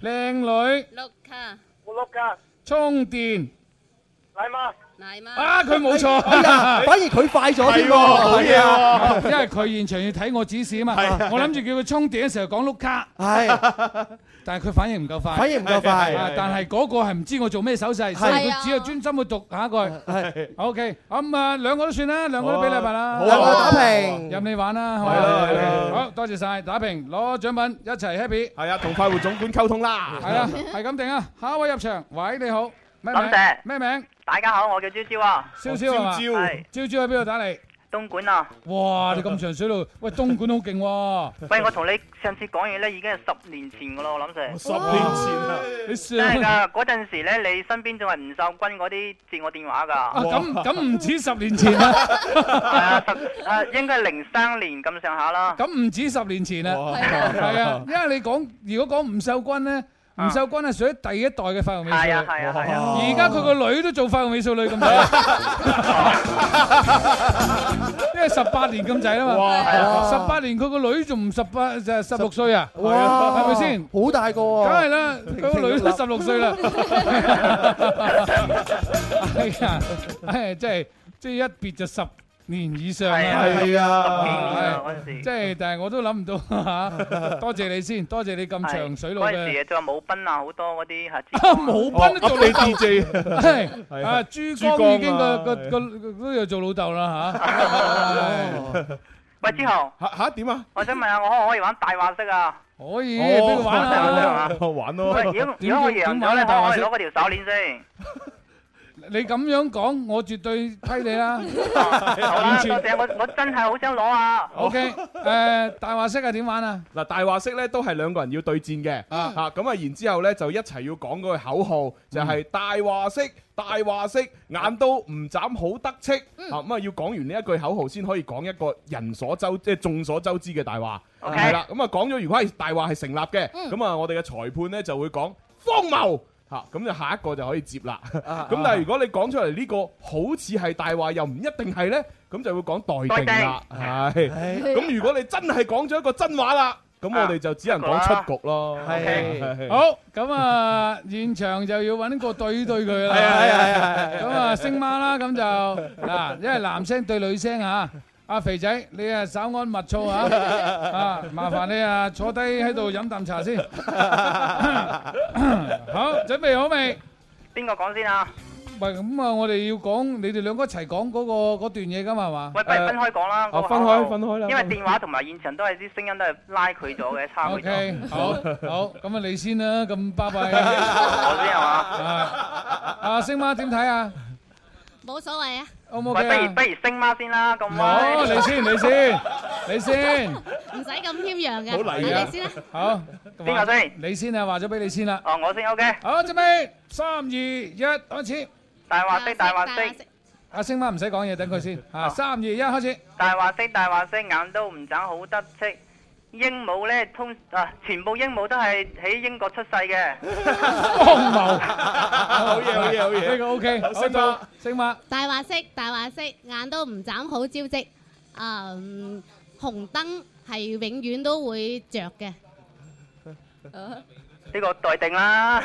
Speaker 4: 靚女，碌卡，
Speaker 1: 我碌卡，
Speaker 4: 充電，
Speaker 5: 奶媽？奶媽？啊，佢冇錯，哎哎、反而佢快咗啲喎，因為
Speaker 4: 佢現場要睇我指示啊嘛，我諗住叫佢充電嘅時候講碌卡，係。但係佢反應唔夠快，反應唔夠快。但係嗰個係唔知我做咩手勢，所以佢只要專心去讀下一句。OK，咁啊兩個都算啦，兩個都俾禮物啦，兩個打平，任你玩啦，係咪？好多謝晒，打平攞獎品一齊 happy。係啊，同快活總管溝通啦。係啊，係咁定啊。下一位入場，喂，你好，咩名？咩名？
Speaker 7: 大家好，我叫招招啊。招招啊，招招喺邊度打嚟？東莞啊！
Speaker 4: 哇，你咁長水路，喂，東莞都好勁喎。喂，我同你
Speaker 7: 上次講嘢咧，已經係十年前噶咯，我諗住。十年前哇啊，真係噶嗰陣時咧，你身邊仲係吳秀君嗰啲接我電話噶。咁咁唔
Speaker 4: 止十年前啦，
Speaker 7: 係啊，啊，應
Speaker 4: 該係零三年咁上下啦。咁唔止十年前啦，係啊，因為你講，如果講吳秀君咧。吳秀君係屬於第一代嘅髮廊美少女，係啊係啊係啊！而家佢個女都做髮廊美少女咁滯，因為十八年咁滯啊嘛，十八年佢個女仲唔十八就十六歲啊？係咪先？
Speaker 2: 好大個喎！梗係啦，佢個女都十六歲啦。
Speaker 4: 係啊，唉，即係即係一別就十。年以上係啊。咁幾年啊，嗰陣時，即係但係我都諗唔到嚇。多謝你先，多謝你咁長水佬嘅。嗰陣時啊，
Speaker 7: 做舞賓啊，好多嗰啲
Speaker 4: 嚇。啊，舞賓都做老竇。啊，珠江已經個個個都有做老竇啦嚇。喂，
Speaker 7: 之後嚇嚇點啊？我想問下，我可唔可以玩大話骰啊？可以，邊個玩大話骰啊？我玩咯。如果如果我贏咗，我咧我會攞嗰條手鏈先。
Speaker 4: 你咁樣講，我絕對批
Speaker 7: 你啦！好啦，多謝我，我真係好想攞啊！O K，誒
Speaker 6: 大話式啊，點玩啊？嗱，大話式咧都係兩個人要對戰嘅，啊，咁啊，然之後呢，就一齊要講句口號，就係大話式，大話式，眼都唔眨，好得戚啊！咁啊，要講完呢一句口號先可以講一個人所周，即係眾所周知嘅大話。O K，係啦，咁啊講咗，如果係大話係成立嘅，咁啊我哋嘅裁判呢就會講荒謬。嚇，咁就下一個就可以接啦。咁但係如果你講出嚟呢個好似係大話，又唔一定係咧，咁就會講待定啦。係，咁
Speaker 4: 如果你真係講咗一個真話啦，咁我哋就只能講出局咯。係，好，咁啊現場就要搵個對對佢啦。係啊係啊，咁啊星媽啦，咁就嗱，因為男聲對女聲嚇。阿肥仔，你啊稍安勿躁啊！ <laughs> 啊，麻煩你啊坐低喺度飲啖茶先。 <laughs> 好，準備好未？
Speaker 7: 邊個講先啊？
Speaker 4: 唔係咁啊，我哋要講你哋兩個一齊講嗰個段嘢噶嘛？係嘛？喂，不如分開講啦。那個、啊，分開，分開啦。因為電話同
Speaker 7: 埋現場都係啲聲音都係拉佢咗嘅，差佢
Speaker 4: 咗。OK，好，好，咁啊你先啦，咁拜拜我
Speaker 7: 先係嘛？
Speaker 4: 阿星媽點睇啊？
Speaker 7: 冇所謂啊，O K，不如不如星媽先啦，咁啊，你先，你先，
Speaker 4: 你先，唔使
Speaker 9: 咁謙讓嘅，好
Speaker 4: 嚟啊，你先啦，好，邊個先？你先啊，話咗俾你先啦，哦，我先，O K，好，準備，三二一，開始，大話色大話色，
Speaker 7: 阿星媽唔使講嘢，等佢先，吓，三二一，開始，大話色大話色，眼都唔眨，好得戚。鸚鵡咧通啊，全部鸚鵡都係喺英國出世嘅。好嘢
Speaker 5: 好嘢好嘢。呢個 OK 再。食物
Speaker 9: 食物。馬大話識大話識，眼都唔眨好招積。嗯、燈 <laughs> 啊，紅燈係永遠都會着嘅。
Speaker 2: 呢
Speaker 7: 個待定啦。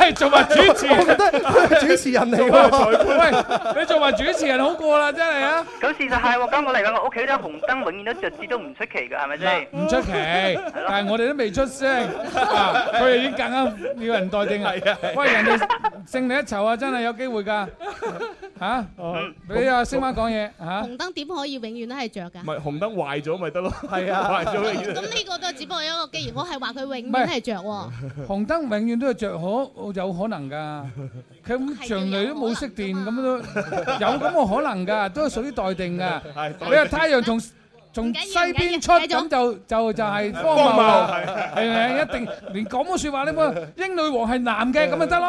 Speaker 7: 喂，做埋主持，我
Speaker 2: 覺得主持人嚟喎。喂，你做
Speaker 7: 埋主持人好過啦，真係啊。咁事實係喎，咁我嚟講，我屋企啲紅燈永遠都着住都唔出奇噶，係咪先？唔出奇，但係我哋都未
Speaker 4: 出聲，啊，佢哋已經更加啊，要人待定啊。係啊。喂，人哋勝你一籌啊，真係有機會噶。吓，你啊，星媽講嘢吓。
Speaker 9: 紅燈點可以永遠都係着噶？
Speaker 6: 唔係紅燈壞咗咪得咯？係啊，壞咗。咁呢個都只不過一
Speaker 9: 個，既然我係話佢永。唔係着喎，
Speaker 4: 紅燈永遠都係着可，有可能㗎。佢咁從來都冇熄電咁樣，有咁嘅可能㗎，都係屬於待定㗎。你話太陽從從西邊出，咁就就就係荒謬嘛？係咪一定連講嘅説話咧？英女王係男嘅，咁咪得咯？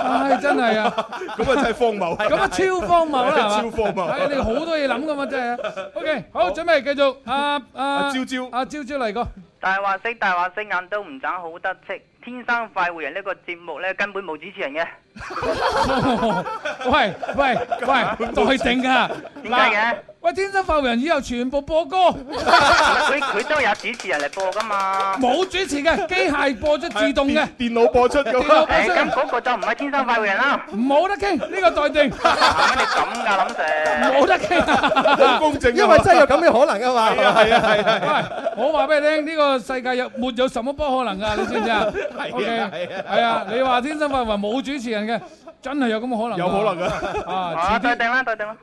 Speaker 4: 唉，真係啊！咁啊真係荒謬。咁啊超荒謬啦，係嘛？超荒謬。你好多嘢諗㗎嘛，真係。
Speaker 7: OK，好，準備繼續。阿阿朝朝，阿朝朝嚟個。大話骰，大話骰，眼都唔眨，好得戚，天生快活人呢個節目呢，根本冇主持人嘅、 <laughs> <laughs> 哦。
Speaker 5: 喂喂喂，都整頂噶，
Speaker 4: 點解嘅？喂，天生快活人以後全部播歌，佢佢都有主持人嚟播
Speaker 7: 噶嘛？
Speaker 4: 冇主持嘅，機械播出自動嘅，
Speaker 6: 電腦播出嘅。哎，咁嗰個就唔係天生
Speaker 4: 快活人啦。冇得傾，呢個待定。乜你咁噶諗法？冇得傾，
Speaker 2: 好公正。因為真係有咁嘅可能噶嘛？係啊係啊係啊！喂，
Speaker 4: 我話俾你聽，呢個世界有沒有什麼不可能噶？你知唔知啊？係啊係啊。係啊，你話天生快活冇主持人嘅，真係有咁嘅可能？有可能噶。啊，待定啦，待定啦。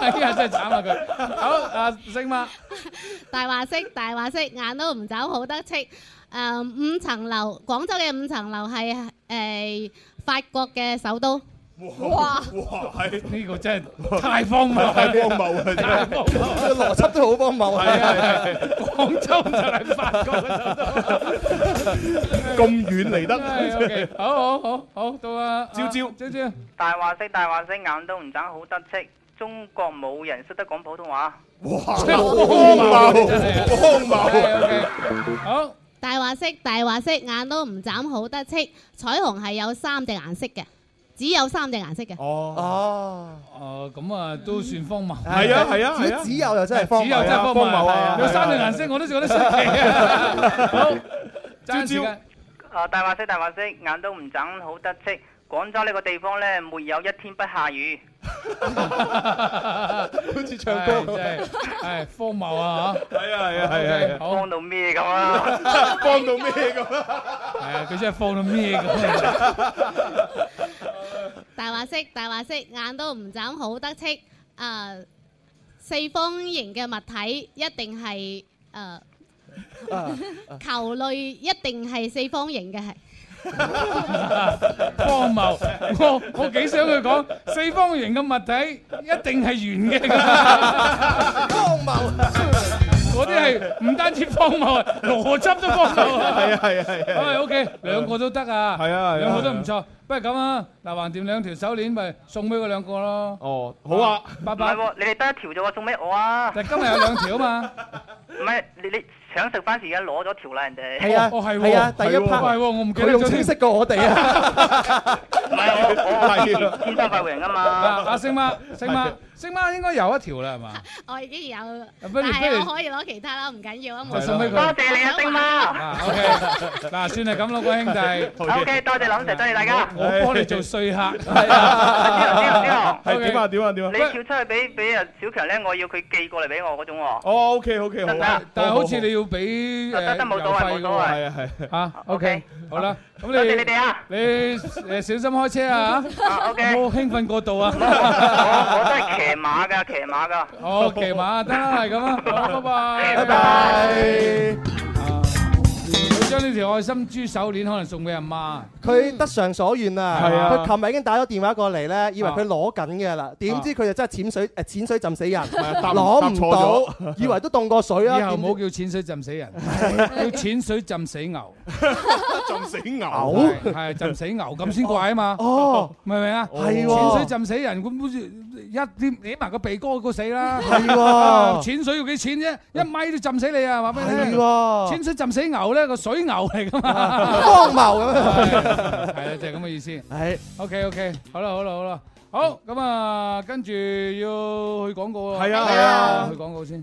Speaker 4: 哎呀！真係慘啊！佢好阿星媽，大
Speaker 9: 話式，大話式，眼都唔走，好得戚。誒，五層樓，廣州嘅五層樓係誒法國嘅首都。哇
Speaker 2: 哇！呢個真係太荒謬，太荒謬，太荒謬！個邏輯都好荒謬。係啊，廣州就係法
Speaker 6: 國。咁遠嚟得？
Speaker 7: 好好好好，到啦！照照照照，大話式，大話式，眼都唔走，好得戚。中國冇人識得講普通話。哇！荒謬，真係荒謬。好，
Speaker 9: 大話色，大話色，眼都唔眨，好得戚。彩虹係有三隻顏色嘅，只有三隻顏色嘅。
Speaker 4: 哦哦，誒，咁啊，都算荒謬。係啊係啊，只只有又真係荒謬，真係荒謬啊！有三隻顏色，我都覺得神奇。
Speaker 7: 好，招招。誒，大話色，大話色，眼都唔眨，好得戚。廣州呢個地方咧，沒有一天不下雨。
Speaker 4: 好似唱歌真係荒謬啊！吓，係啊係啊係
Speaker 7: 啊，荒到咩咁啊？荒到咩咁
Speaker 4: 啊？係啊，佢真係荒到
Speaker 5: 咩咁？
Speaker 9: 大話色，大話色，眼都唔眨，好得戚。啊，四方形嘅物體一定係啊，球類一定係四方形嘅係。
Speaker 4: <laughs> 荒謬，我我幾想佢講，四方形嘅物體一定係圓嘅，荒
Speaker 5: 謬。嗰啲
Speaker 4: 係唔單止荒謬，邏輯都荒謬啊！係啊，係啊，係啊！誒，O K，兩個都得啊！係啊，係，兩個都唔錯。不如咁啊，嗱，橫掂兩條手鏈咪送俾佢兩個咯。哦，
Speaker 7: 好啊，拜拜。唔係喎，你哋得一條咋喎，送俾我啊？但係今日有兩條啊嘛。唔係，你你想食翻時而家攞咗條啦，人哋。係啊。哦，係喎。係啊，第一 part。唔
Speaker 2: 係喎，我唔記得咗。佢仲清晰過我哋啊。
Speaker 7: 唔係，我我係天生發圍噶嘛。嗱，阿星媽，
Speaker 4: 星媽。星貓應該有一條啦，係嘛？
Speaker 9: 我已經有，但係我可以攞其他啦，唔緊
Speaker 7: 要啊。我送俾佢。多謝你啊，星貓。OK，
Speaker 4: 嗱，算係咁啦，各位兄弟。
Speaker 7: OK，多謝林 Sir，多謝
Speaker 4: 大家。我幫你做衰客。啲紅，
Speaker 7: 啲紅，啲
Speaker 4: 紅。係點
Speaker 6: 啊？點啊？點啊？你跳出
Speaker 7: 去俾俾人小強咧，我要佢寄過嚟俾我嗰種喎。哦，OK，OK，好。得啦，但係好似
Speaker 4: 你要俾郵費喎。係啊係。嚇，OK，好啦。多謝你哋啊。你誒小心開車啊！嚇。OK。唔好興奮過度啊！我我都係
Speaker 7: 騎。騎馬噶騎馬噶好騎馬得啦，係咁啦，拜拜拜
Speaker 2: 拜。
Speaker 4: 佢將呢條愛心豬手鏈可能送俾阿媽，
Speaker 2: 佢得償所願啦。係啊，佢琴日已經打咗電話過嚟，咧，以為佢攞緊嘅啦，點知佢就真係淺水誒，淺水浸死人，攞唔到，以為都凍過水啊。以後唔好
Speaker 4: 叫淺水浸死人，叫淺水浸死牛，浸死牛係浸死牛咁先怪啊嘛。哦，明唔明啊？係喎，淺水浸死人咁好似一啲起埋個鼻哥，個死啦！係喎，淺水要幾錢啫？一米都浸死你啊！話咩？係喎，淺水浸死牛咧，個水牛嚟噶嘛，荒謬咁樣。係啊，就係咁嘅意思。係，OK，OK，好啦，好啦，好啦，好。咁啊，跟住要去廣告啊。係啊，係啊，去廣告先。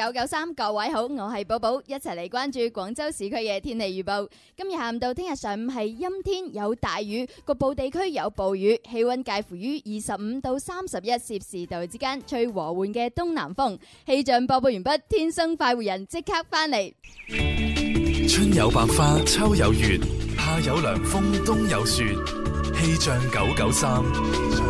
Speaker 1: 九九三，3，各位好，我係寶寶，一齊嚟關注廣州市區嘅天氣預報。今日下午到聽日上午係陰天有大雨，局部地區有暴雨，氣溫介乎於二十五到三十一攝氏度之間，吹和緩嘅東南風。氣象播報完畢，天生快活人即刻翻嚟。
Speaker 3: 春有百花，秋有月，夏有涼風，冬有雪。
Speaker 2: 氣象九九三。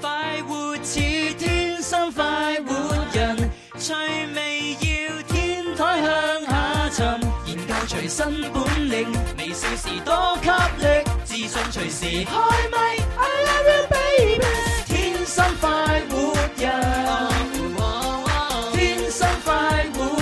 Speaker 7: 快活似天生
Speaker 3: 快活人，趣味要天台向下沉，研究隨身本領，微笑時多給力，自信隨時開咪、oh, I, I love you, baby。天生快活人，oh, oh, oh, oh, oh. 天生快活。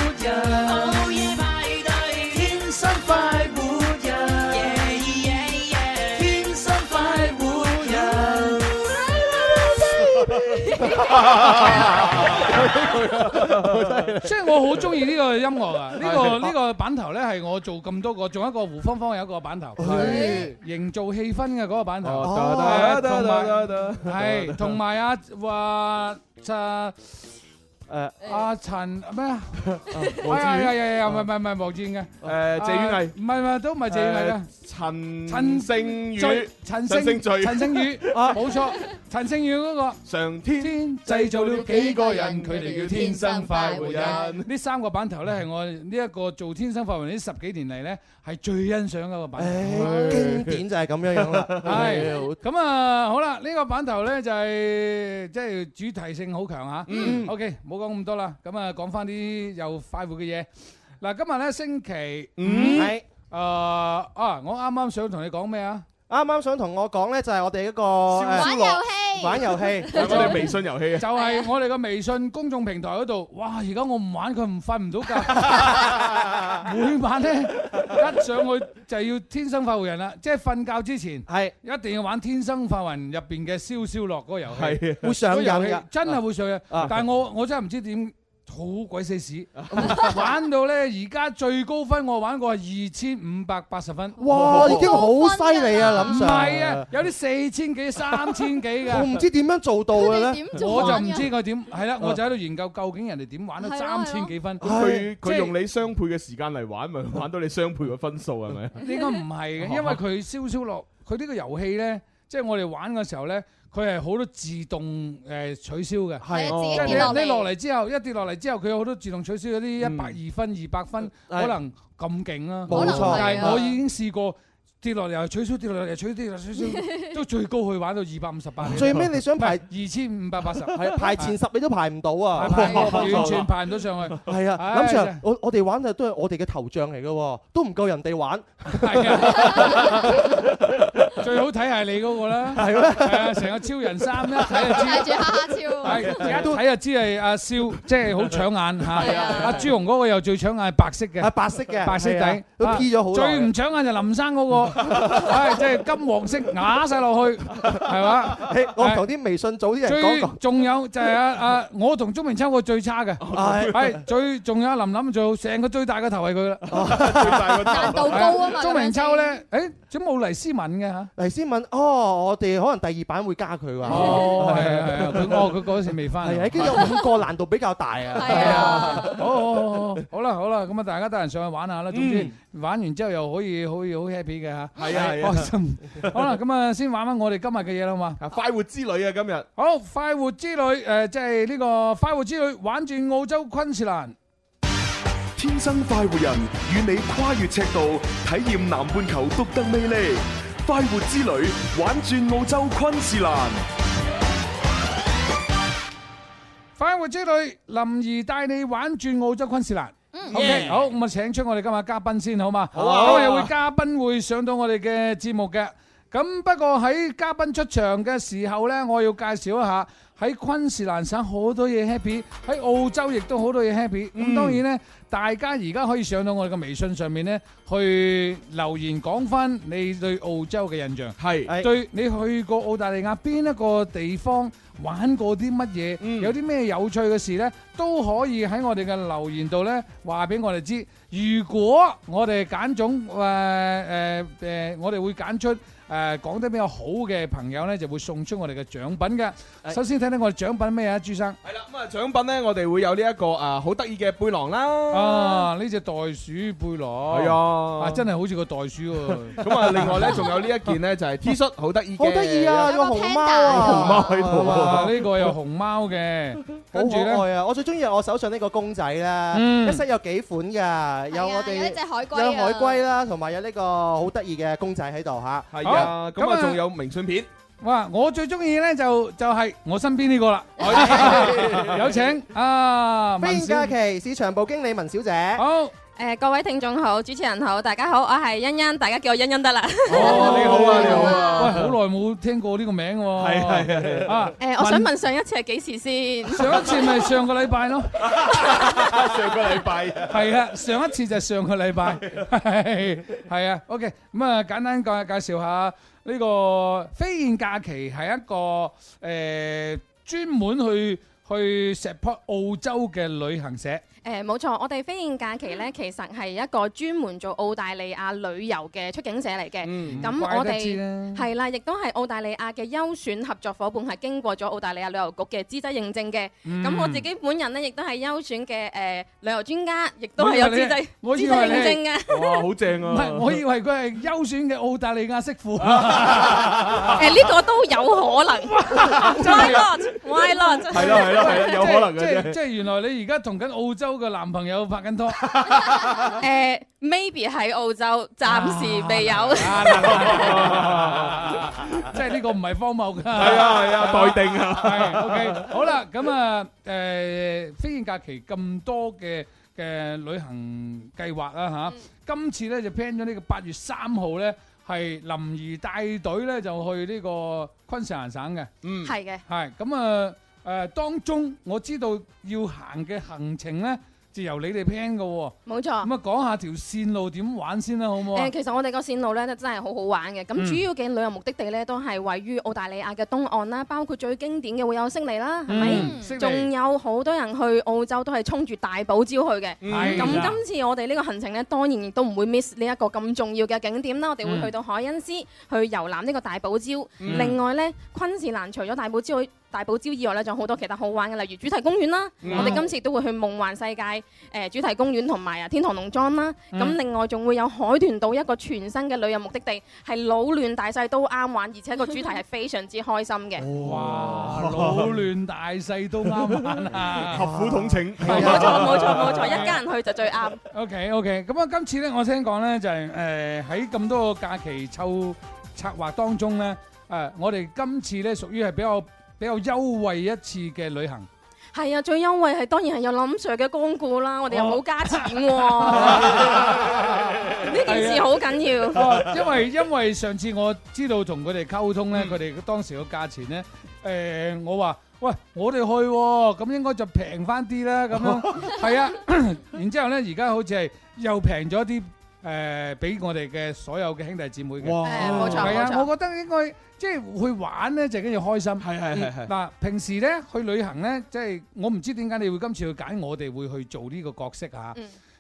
Speaker 4: 即係 <laughs> <laughs> <laughs> 我好中意呢個音樂啊！呢、這個呢、 <laughs> <laughs> 這個這個板頭咧係我做咁多個，仲有一個胡芳芳有一個板頭，營、欸、造氣氛嘅嗰個板頭，同埋同埋啊華就。誒，阿陳
Speaker 6: 咩啊？系係係，
Speaker 4: 唔係唔係唔係黃志遠嘅，誒謝婉藝，唔係唔係都唔係謝婉藝嘅，陳陳勝宇，陳勝宇，陳勝宇，啊，冇錯，陳勝宇嗰個。上天製造了幾個人，佢哋叫天生快活人。呢三個版頭咧，係我呢一個做天生快活人呢十幾年嚟咧，係
Speaker 2: 最欣賞嗰個版。經典就係咁樣樣啦。係，
Speaker 4: 咁啊好啦，呢個版頭咧就係即係主題性好強吓。嗯，OK，冇。講咁多啦，咁啊講翻啲又快活嘅嘢。嗱，今日咧星期五，啊啊、嗯呃，我啱啱想同你講咩啊？
Speaker 2: 啱啱想同我講咧，這個，就係我哋
Speaker 4: 一個玩遊戲，啊、玩遊戲， <laughs> 我哋微信遊戲啊，就係我哋個微信公眾平台嗰度。哇！而家我唔玩佢唔瞓唔到覺， <laughs> 每晚咧一上去就要天生化胡人啦，即係瞓覺之前係是一定要玩天生快活人入邊嘅消消樂嗰個遊戲，啊、會上癮噶，真係會上癮。啊、但係我我真係唔知點。好鬼死屎！玩到咧，而家最高分我玩過係二千五百八十分。哇，已經好
Speaker 2: 犀利啊！諗唔係啊，
Speaker 4: 有啲四千幾、三千幾
Speaker 6: 嘅，我唔知
Speaker 2: 點樣做到嘅咧。我就唔知
Speaker 4: 佢點係啦。我就喺度研究究竟人哋點玩
Speaker 2: 到三
Speaker 6: 千幾
Speaker 4: 分。
Speaker 6: 佢佢用你雙倍嘅時間嚟玩，咪玩到你雙倍嘅分數
Speaker 5: 係咪？
Speaker 4: 應該唔係嘅，因為佢消消樂，佢呢個遊戲咧，即係我哋玩嘅時候咧。佢係好多自動誒取消嘅，係哦。你落嚟之後，一跌落嚟之後，佢有好多自動取消嗰啲一百二分、二百分，可能咁勁啊。冇錯，但係我已經試過跌落嚟又取消，跌落嚟又取消，跌落嚟取消，都最高去玩到二百五十八。最尾你想排
Speaker 2: 二千五百八十，係排前十你都排唔到啊！完全
Speaker 4: 排唔到上去。係啊，諗住我
Speaker 2: 我哋玩嘅都係我哋嘅頭像嚟嘅，都唔夠人哋玩。
Speaker 4: 最好睇係你嗰個啦，係啦，係啊，成個超人衫一睇就
Speaker 5: 知，睇住哈哈超，係而家都
Speaker 4: 睇下就知係阿笑，即係好搶眼吓。阿朱紅嗰個又最搶眼，係白色嘅，啊白色嘅白色底都 P 咗好。最唔搶眼就林生嗰個係即係金黃色啞晒落去，係嘛？誒，我同啲微信組啲人講講，仲有就係阿阿我同鍾明秋個最差嘅，係最仲有林林就成個最大嘅頭係佢啦，
Speaker 2: 最
Speaker 5: 大個頭，難
Speaker 4: 度高啊嘛。鍾明秋咧，
Speaker 2: 誒，咁冇黎思敏嘅吓。係先問哦，我哋可能第二版會加佢㗎。哦，係係，佢哦佢嗰時未翻。係啊，已經有五個難度比較大
Speaker 5: 啊。係啊，
Speaker 4: 好好好好，好啦好啦，咁啊大家得閒上去玩下啦。總之玩完之後又可以可以好 happy 嘅嚇。係啊，開心。好啦，咁啊先玩翻我哋今日嘅嘢啦嘛。快活之旅啊，今日。好，快活之旅誒，即係呢個快活之旅，玩轉澳洲昆士蘭。
Speaker 3: 天生快活人，與你跨越赤道，體
Speaker 6: 驗南半球獨特魅力。快活之旅，玩轉澳洲昆士蘭。
Speaker 4: 快活之旅，林怡帶你玩轉澳洲昆士蘭。 <music> 嗯，OK，好，咁啊，請出我哋今日嘉賓先，好嗎？好，今日會嘉賓會上到我哋嘅節目嘅。咁不過喺嘉賓出場嘅時候呢，我要介紹一下喺昆士蘭省好多嘢 happy，喺澳洲亦都好多嘢 happy。咁當然呢。 <music> 大家而家可以上到我哋嘅微信上面咧，去留言講翻你對澳洲嘅印象。係，對你去過澳大利亞邊一個地方玩過啲乜嘢？有啲咩有趣嘅事咧，都可以喺我哋嘅留言度咧話俾我哋知。如果我哋揀中誒誒誒，我哋會揀出。誒講得比較好嘅朋友咧，就會送出我哋嘅獎品嘅。首先睇睇我哋獎品咩啊，朱生。係啦，咁啊獎品咧，我哋會有呢一個
Speaker 6: 啊，好得意嘅背囊啦。啊，呢隻袋鼠背囊係啊，真係好似個袋鼠喎。咁啊，另外咧仲有呢一件咧就係 T 恤，好得意嘅。好得意啊，個
Speaker 5: 熊貓
Speaker 2: 啊，熊貓喺度啊，呢個有熊貓嘅。跟住咧，好可愛啊！我最中意係我手上呢個公仔啦，一色有幾款㗎，有我哋有海龜啦，同埋有呢個好得意嘅公仔喺度吓。係。咁啊，仲、嗯、
Speaker 6: 有明信片
Speaker 2: 哇！我最中意咧就就係
Speaker 4: 我身邊呢個啦， <laughs> <laughs> 有請啊假
Speaker 8: 期市場部經理文小姐好！誒，各位聽眾好，主持人好，大家好，我係欣欣，大家叫我欣欣得啦。
Speaker 5: 你好啊，你好啊，好
Speaker 2: 耐冇聽過呢個名喎。係係
Speaker 4: 係啊。
Speaker 8: 誒，我想問上一次係幾時先？上一次咪
Speaker 4: 上個禮拜咯。上個禮拜係啊，上一次就係上個禮拜。係係啊。OK，咁啊，簡單介介紹下呢個飛燕假期係一個誒專門去去 support 澳洲嘅旅
Speaker 8: 行社。誒冇錯，我哋飛燕假期咧，其實係一個專門做澳大利亞旅遊嘅出境社嚟嘅。嗯，咁我哋係啦，亦都係澳大利亞嘅優選合作夥伴，係經過咗澳大利亞旅遊局嘅資質認證嘅。嗯，咁我自己本人咧，亦都係優選嘅誒旅遊專家，亦都係有資質資質認證嘅。
Speaker 6: 哇，好正啊！唔係，我以
Speaker 4: 為佢係優選嘅澳大
Speaker 8: 利亞媳婦。誒，呢個都有可能。
Speaker 4: Why not? Why not? 係啦係啦係啦，有可能嘅啫。即係即係原來你而家同緊澳洲。個男朋友拍緊拖，
Speaker 8: 誒，maybe 喺澳洲，暫
Speaker 4: 時未有，即係呢個唔係荒謬噶，係啊係啊，待定啊，OK，好啦，咁啊，誒，飛燕假期咁多嘅嘅旅行計劃啦吓，今次咧就 plan 咗呢個八月三號咧係林兒帶隊咧就去呢個昆士蘭省嘅，嗯，係嘅，係，咁啊。誒、呃，當中我知道要行嘅行程呢，就由你哋 plan 嘅喎。冇錯，咁啊，嗯，講下條線路點玩先啦，啊，好唔好？呃、其
Speaker 8: 實我哋個線路呢，都真係好好玩嘅。咁主要嘅旅遊目的地呢，都係位於澳大利亞嘅東岸啦，包括最經典嘅會有悉尼啦，係咪？仲有好多人去澳洲都係衝住大堡礁去嘅。咁今、嗯、係次我哋呢個行程呢，當然亦都唔會 miss 呢一個咁重要嘅景點啦。我哋會去到海恩斯去遊覽呢個大堡礁。另外呢，昆士蘭除咗大堡礁大堡礁以外咧，仲有好多其他好玩嘅，例如主題公園啦。我哋今次都會去夢幻世界誒主題公園同埋啊天堂農莊啦。咁另外仲會有海豚島，一個全新嘅旅遊目的地，係老嫩大細都啱玩，而且個主題係非常之開心嘅。哇！
Speaker 4: 老嫩大細都啱玩啊，合府統請。冇錯冇錯冇錯，一家人
Speaker 8: 去就最啱。
Speaker 4: OK OK，咁啊，今次咧我聽講咧就係誒喺咁多個假期湊策劃當中咧，誒我哋今次咧屬於係比較比較優惠一次嘅旅行。
Speaker 8: 係啊，最優惠係當然係有林 Sir 嘅光顧啦，哦、我哋又冇加錢，
Speaker 5: 呢件事
Speaker 4: 好緊
Speaker 8: 要是、啊 <laughs> 哦。因為
Speaker 4: 因為上次我知道同佢哋溝通咧，佢哋、嗯、當時個價錢咧，誒、呃，我話喂，我哋去、哦，咁應該就平翻啲啦，咁樣係啊。然之後咧，而家好似係又平咗啲。誒，俾我哋嘅所有嘅兄弟姊妹嘅，係冇錯冇錯。我覺得應該即係去玩咧，就緊要開心。係係係係。嗱，平時咧去旅行咧，即係我唔知點解你會今次去揀我哋會去做呢個角色嚇。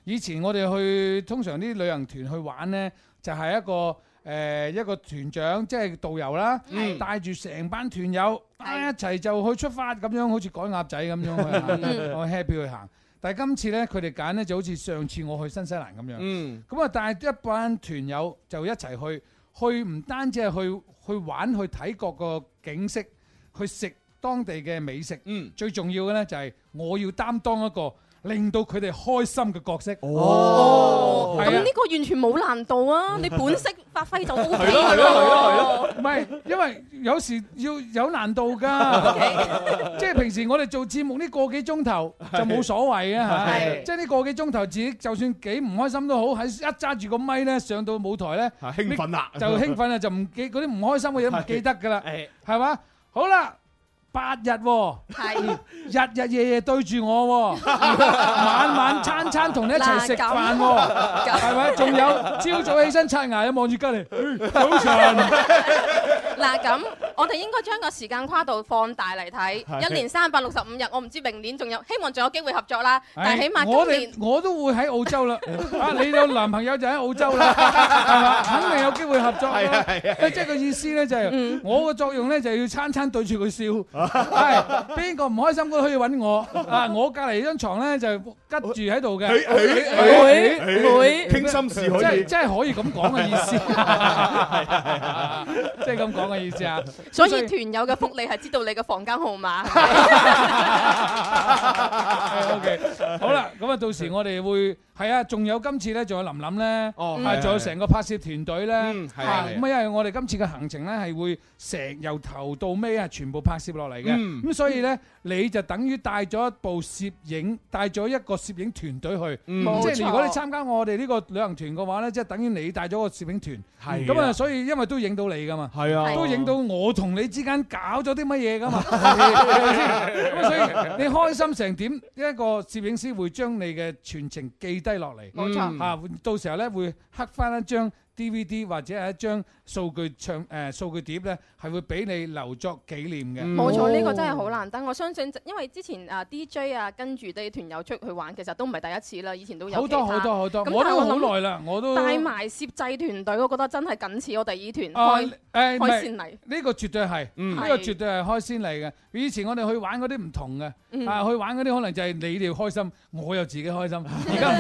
Speaker 4: 以前我哋去通常啲旅行團去玩咧，就係一個誒一個團長，即係導遊啦，帶住成班團友一齊就去出發，咁樣好似趕鴨仔咁樣，我 happy 去行。但係今次呢，佢哋揀呢就好似上次我去新西蘭咁樣。咁啊、嗯，但係一班團友就一齊去，去唔單止係去去玩、去睇各個景色，去食當地嘅美食。嗯、最重要嘅呢，就係、是、我要擔當一個。令到佢哋開心嘅角色，哦，咁呢
Speaker 8: 個完全冇難度啊！你本色發揮就 OK。係咯，係咯，係咯，係咯，
Speaker 4: 唔係，因為有時要有難度㗎。即係平時我哋做節目呢個幾鐘頭就冇所謂嘅嚇，即係呢個幾鐘頭自己就算幾唔開心都好，喺一揸住個咪咧上到舞台咧，興奮啦，就興奮啦，就唔記得嗰啲唔開心嘅嘢唔記得㗎啦，係嘛？好啦。八日喎，係日日夜夜對住我喎，晚晚餐餐同你一齊食飯喎，係咪？仲有朝早起身刷牙啊，望住隔籬，早晨。
Speaker 8: 嗱咁，我哋應該將個時間跨度放大嚟睇，一年三百六十五日，我唔知明年仲有希望仲有機會合作啦。但係起碼今年
Speaker 4: 我都會喺澳洲啦，你嘅男朋友就喺澳洲啦，係嘛？肯定有機會合作啦。即係個意思咧，就係我嘅作用咧，就要餐餐對住佢笑。係邊個唔開心都可以揾我啊！我隔籬張床咧就吉住喺度嘅，會會會傾心事可以，即係可以咁講嘅意思，
Speaker 5: 即係咁講嘅意思啊！所
Speaker 8: 以團友嘅福利係知道你嘅房間號碼。
Speaker 5: O K，好啦，
Speaker 4: 咁啊，到時我哋會係啊，仲有今次咧，仲有琳琳咧，哦，係仲有成個拍攝團隊咧，嗯，係啊，咁啊，因為我哋今次嘅行程咧係會成由頭到尾啊全部拍攝落。嚟嘅，咁所以咧，你就等於帶咗一部攝影，帶咗一個攝影團隊去，即係如果你參加我哋呢個旅行團嘅話咧，即係等於你帶咗個攝影團，咁啊，所以因為都影到你㗎嘛，都影到我同你之間搞咗啲乜嘢㗎嘛，咁所以你開心成點？一個攝影師會將你嘅全程記低落嚟，嚇，到時候咧會刻翻一張 DVD 或者係一張。數據唱，誒數據碟呢係會俾你留作紀念嘅。冇錯，呢個真係
Speaker 8: 好難得。我相信，因為之前啊 DJ 啊跟住啲團友出去玩，其實都唔係第一次啦。以前都有好多好多好多。我都好耐
Speaker 4: 啦，我都帶
Speaker 8: 埋攝製團隊，我覺得真係僅此我哋第二團。開，誒開先例
Speaker 4: 呢個絕對係，呢個絕對係開先例嘅。以前我哋去玩嗰啲唔同嘅，啊去玩嗰啲可能就係你哋開心，我又自己開心。而家唔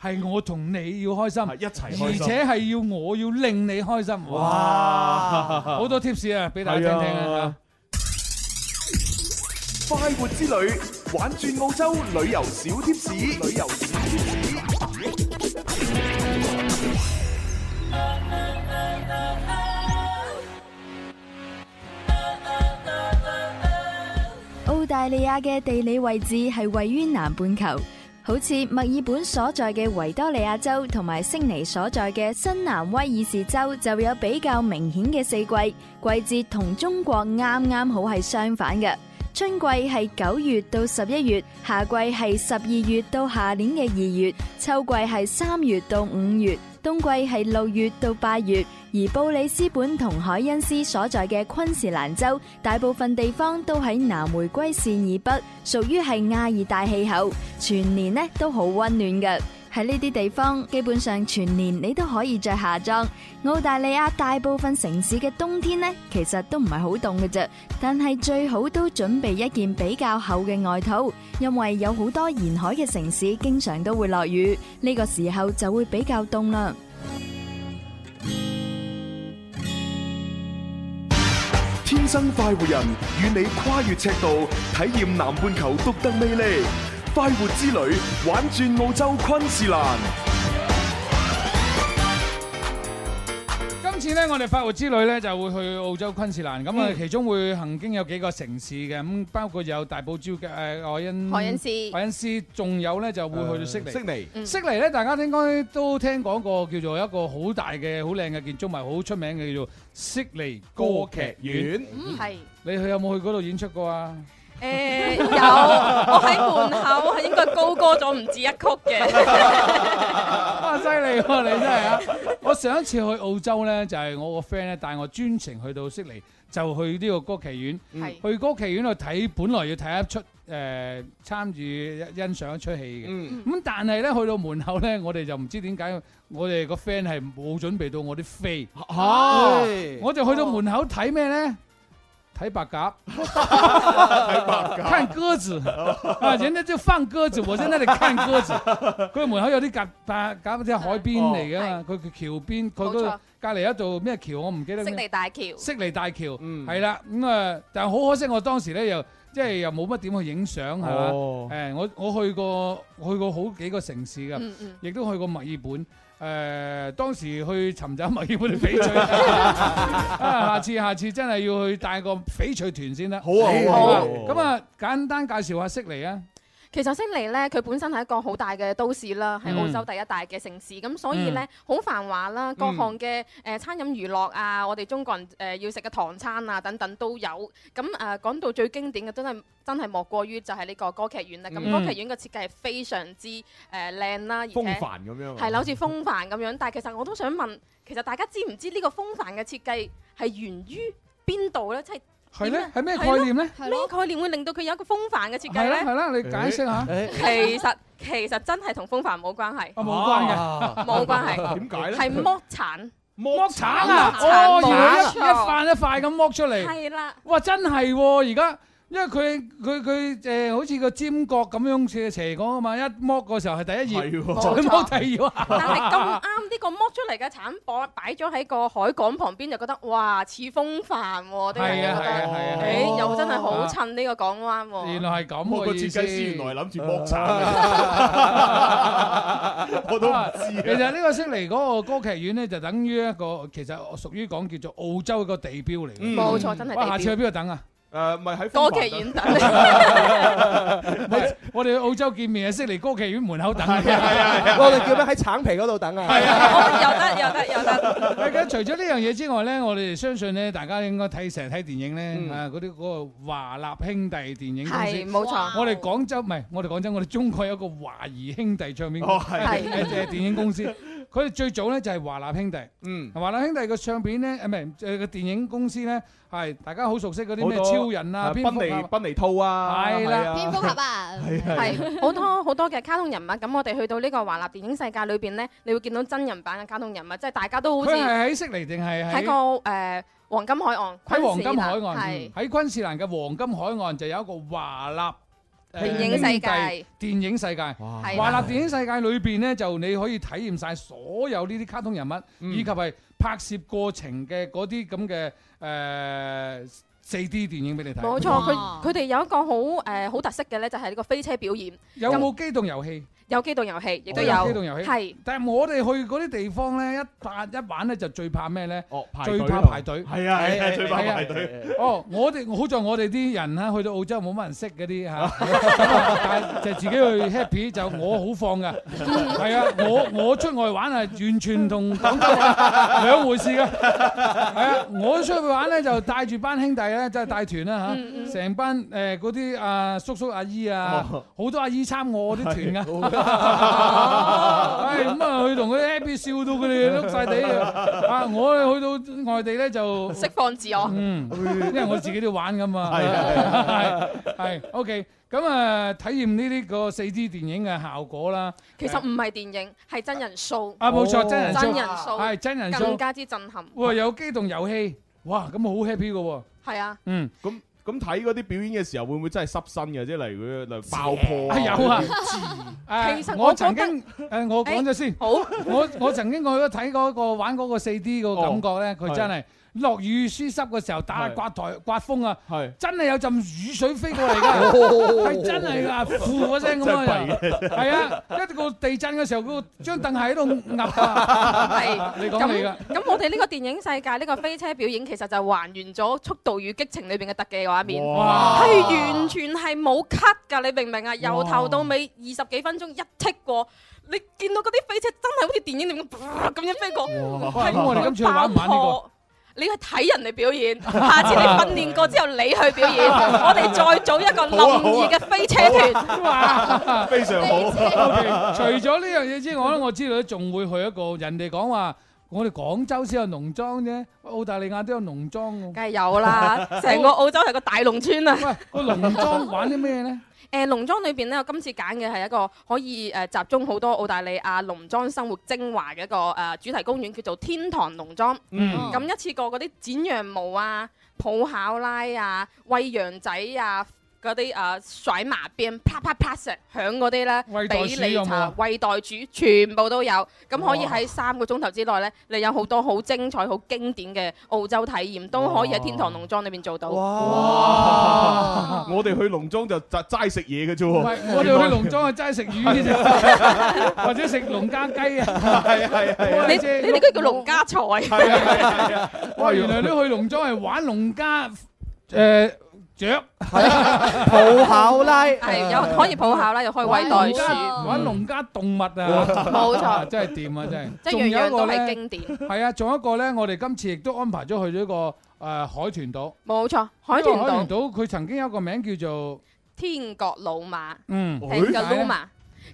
Speaker 4: 係，係我同你要開心一齊開心，而且係要我要令你開心！啊！好 <laughs> 多貼士啊，俾大家聽
Speaker 6: 聽啊！快活之旅，玩轉澳洲旅遊小
Speaker 3: 貼士，
Speaker 5: 旅遊小貼士。
Speaker 1: 澳大利亞嘅地理位置係位於南半球。好似墨爾本所在嘅維多利亞州同埋悉尼所在嘅新南威爾士州就有比較明顯嘅四季，季節同中國啱啱好係相反嘅。春季係九月到十一月，夏季係十二月到下年嘅二月，秋季係三月到五月。冬季係六月到八月，而布里斯本同凱恩斯所在嘅昆士蘭州大部分地方都喺南回歸線以北，屬於係亞熱帶氣候，全年呢都好溫暖㗎。喺呢啲地方，基本上全年你都可以着夏裝。澳大利亞大部分城市嘅冬天呢，其實都唔係好凍嘅啫，但係最好都準備一件比較厚嘅外套，因為有好多沿海嘅城市經常都會落雨，呢個時候就會比較凍啦。
Speaker 3: 天生快活人，
Speaker 6: 與你跨越赤道，體驗南半球獨特魅力。快活之旅
Speaker 3: 玩轉澳洲昆士蘭。
Speaker 4: 今次咧，我哋快活之旅咧就會去澳洲昆士蘭，咁啊，其中會行經有幾個城市嘅，咁包括有大堡礁嘅愛恩愛恩斯，愛恩斯，仲有咧就會去到悉尼。悉尼，悉尼咧，大家應該都聽講過，叫做一個好大嘅、好靚嘅建築物，好出名嘅叫做悉尼歌劇院。係，你去有冇去嗰度演出過啊？
Speaker 8: 誒、欸，有，我喺門口係應該高歌咗唔止一曲嘅，哇、 <laughs> 啊，犀利喎，你真係啊！
Speaker 4: 我上一次去澳洲咧，就係、是、我個 friend 咧帶我專程去到悉尼，就去呢個歌劇院，是去歌劇院度睇，本來要睇一出誒參與欣賞一出戲嘅，咁、嗯嗯、但係咧去到門口咧，我哋就唔知點解，我哋個 friend 係冇準備到我啲飛，啊哎、我就去到門口睇咩咧？睇白鴿，睇白鴿，看鴿子啊！人哋就放鴿子，我在那裏看鴿子。佢門口有啲隔，隔，隔嗰隻海邊嚟嘅，佢佢橋邊，佢都隔籬一座咩橋，我唔記得。悉尼大橋。悉尼大橋、嗯，嗯，係啦，咁啊，但係好可惜，我當時咧又即係又冇乜點去影相，係嘛、哦？誒、嗯，我我去過，去過好幾個城市嘅，亦、嗯嗯嗯嗯、都去過墨爾本。誒、呃、當時去尋找墨爾本翡翠，啊、 <laughs> 呃！下次下次真係要去帶個翡翠團先
Speaker 5: 啦、啊，好啊，嗯、好啊，咁啊
Speaker 4: 簡單介紹下悉尼啊！
Speaker 8: 其實悉尼咧，佢本身係一個好大嘅都市啦，係、嗯、澳洲第一大嘅城市，咁所以咧好、嗯、繁華啦，各項嘅誒、呃、餐飲娛樂啊，嗯、我哋中國人誒、呃、要食嘅唐餐啊等等都有。咁誒、呃、講到最經典嘅，真係真係莫過於就係呢個歌劇院啦。咁、嗯、歌劇院嘅設計係非常之誒靚、呃、啦，風帆咁樣、啊，係啦，好似風帆咁樣。但係其實我都想問，其實大家知唔知呢個風帆嘅設計係源於邊度咧？即係
Speaker 4: 係
Speaker 5: 咧，係咩概念咧？咩
Speaker 8: 概念會令到佢有一個風帆嘅設計咧？係啦，係啦，你
Speaker 5: 解釋下。其實
Speaker 8: 其實真係同風帆冇關係。啊，冇關係，冇關係。點解咧？係剝鏟，剝
Speaker 4: 鏟啊！一塊一塊咁剝出嚟。係啦。哇！真係喎，而家。因為佢佢佢誒好似個尖角咁樣斜斜講啊嘛，一剝嗰時候係第一頁，再剝
Speaker 5: 第二啊！但係
Speaker 4: 咁
Speaker 8: 啱呢個剝出嚟嘅產榜擺咗喺個海港旁邊，就覺得哇似風帆喎！啲人
Speaker 4: 覺得誒又真係好襯
Speaker 8: 呢個港灣喎！原來
Speaker 4: 係咁嘅意思。個設計師原來諗住剝
Speaker 5: 產我都知嘅。其實
Speaker 4: 呢個悉尼嗰個歌劇院咧，就等於一個其實屬於講叫做澳洲一個地標嚟嘅。冇錯，真係。哇！下次去邊度等啊？誒，唔係喺歌劇院等 <laughs> <laughs> 你。我哋去澳洲見面啊，悉尼歌劇院門口等。我哋
Speaker 2: 叫咩？喺橙皮嗰度等。係啊，有得
Speaker 8: 有得有得。
Speaker 4: 咁除咗呢樣嘢之外咧，我哋相信咧，大家應該睇成日睇電影咧，啊嗰啲嗰個華立兄弟電影公司，係冇錯。我哋廣州唔係，我哋廣州，我哋中國有一個華誼兄弟唱片公司，係、哦、 <laughs> 電影公司。 <laughs> 佢哋最早咧就係華納兄弟，嗯，華納兄弟嘅唱片咧，誒唔係誒個電影公司咧，係大家好熟悉嗰啲咩超人啊、蝙蝠俠、賓尼兔啊，係啦、啊，蝙
Speaker 8: 蝠、啊、
Speaker 4: 俠
Speaker 6: 啊，係
Speaker 8: 好多好多嘅卡通人物。咁我哋去到呢個華納電影世界裏邊咧，你會見到真人版嘅卡通人物，即、就、係、是、大家都好似喺悉
Speaker 4: 尼定係喺個
Speaker 8: 誒、呃、黃金海岸？喺黃金海岸，
Speaker 4: 喺昆士蘭嘅黃金海岸就有一個華納。呃、電影世界，電影世界，華納電影世界裏邊咧就你可以體驗晒所有呢啲卡通人物，嗯、以及係拍攝過程嘅嗰啲咁嘅誒四 D 電影俾你睇。冇錯，佢
Speaker 8: 佢哋有一個好誒好特色嘅咧，就係、是、呢個飛車表演。
Speaker 4: 有冇機動遊戲？
Speaker 8: 有機動遊戲亦都有機動遊戲，係。
Speaker 4: 但係我哋去嗰啲地方咧，一拍一玩咧就最怕咩咧？哦，排隊。係啊，係最怕排隊。哦，我哋好在我哋啲人啦，去到澳洲冇乜人識嗰啲嚇，但係就自己去 happy，就我好放噶。係啊，我我出外玩啊，完全同廣州兩回事嘅。係啊，我出去玩咧就帶住班兄弟咧，就帶團啦嚇，成班誒嗰啲阿叔叔阿姨啊，好多阿姨參我啲團㗎。哎咁啊，去同佢 happy 笑到佢哋碌晒地啊！我咧去到外地咧就釋放自我，嗯，因為我自己都玩噶嘛。係係係 OK，咁啊體驗呢啲個四 D 電影嘅效果啦。其實唔
Speaker 8: 係電影，係真人 show。啊，冇錯，真人 show，真人 show 係真人 show，更加之震撼。哇！
Speaker 4: 有機動遊戲，哇！咁我好 happy 噶喎。係啊，嗯咁。咁
Speaker 6: 睇嗰啲表演嘅時候，會唔會真係濕身嘅即係？例如嗰爆破啊，有啊，其實、 <laughs> 啊、
Speaker 4: 我曾經，誒、欸呃、我講咗先，欸、好我我曾經我去睇嗰個玩嗰個四 D 個感覺咧，佢、哦、真係。落雨、輸濕嘅時候打刮台、刮風啊，真係有陣雨水飛過嚟㗎，係真係㗎，呼嘅聲咁啊，係啊，一個地震嘅時候嗰個張凳係喺度揼啊，係你講嚟㗎。
Speaker 8: 咁我哋呢個電影世界呢個飛車表演其實就還原咗《速度與激情》裏邊嘅特技畫面，係完全係冇 cut 㗎，你明唔明啊？由頭到尾二十幾分鐘一 tick 過，你見到嗰啲飛車真係好似電影裏邊咁樣飛過，係爆破。你去睇人哋表演，下次你訓練過之後，你去表演， <laughs> 我哋再組一個林義嘅飛車團，啊啊啊啊、 <laughs> 非常好。 <laughs> okay,
Speaker 4: 除咗呢樣嘢之外咧，我知道仲會去一個人哋講話，我哋廣州先有農莊啫，澳大利亞都有農莊嘅，梗係有啦，成個澳
Speaker 8: 洲係個大農
Speaker 4: 村啊。喂，個 <laughs> 農莊玩啲咩咧？
Speaker 8: 誒、呃、農莊裏邊咧，我今次揀嘅係一個可以誒、呃、集中好多澳大利亞農莊生活精華嘅一個誒、呃、主題公園，叫做天堂農莊。咁、嗯、一次過嗰啲剪羊毛啊、抱考拉啊、餵羊仔啊。嗰啲誒甩麻鞭，啪啪啪聲響嗰啲咧，俾你茶餵袋鼠，全部都有。咁可以喺三個鐘頭之內咧，你有好多好精彩、好經典嘅澳洲體驗，都可以喺天堂農莊裏邊做到。哇！
Speaker 6: 我哋去農莊就就齋食嘢嘅啫喎。我哋去農
Speaker 4: 莊係
Speaker 8: 齋食魚嘅
Speaker 4: 啫，或者食農家雞啊。係係係。你你呢個
Speaker 8: 叫農家菜
Speaker 4: 啊？哇！原來你去農莊係玩農家誒、雀抱考
Speaker 8: 拉，係有可以抱考拉，又可以喂袋鼠，玩
Speaker 4: 農家動物啊！冇錯，真係掂啊！真係，一樣樣都係經
Speaker 8: 典。係啊，仲有一個
Speaker 4: 咧，我哋今次亦都安排咗去咗一個誒海豚島。
Speaker 8: 冇錯，海豚
Speaker 4: 島，佢曾經有一個名叫做
Speaker 8: 天閣老馬，
Speaker 4: 嗯，天閣老馬。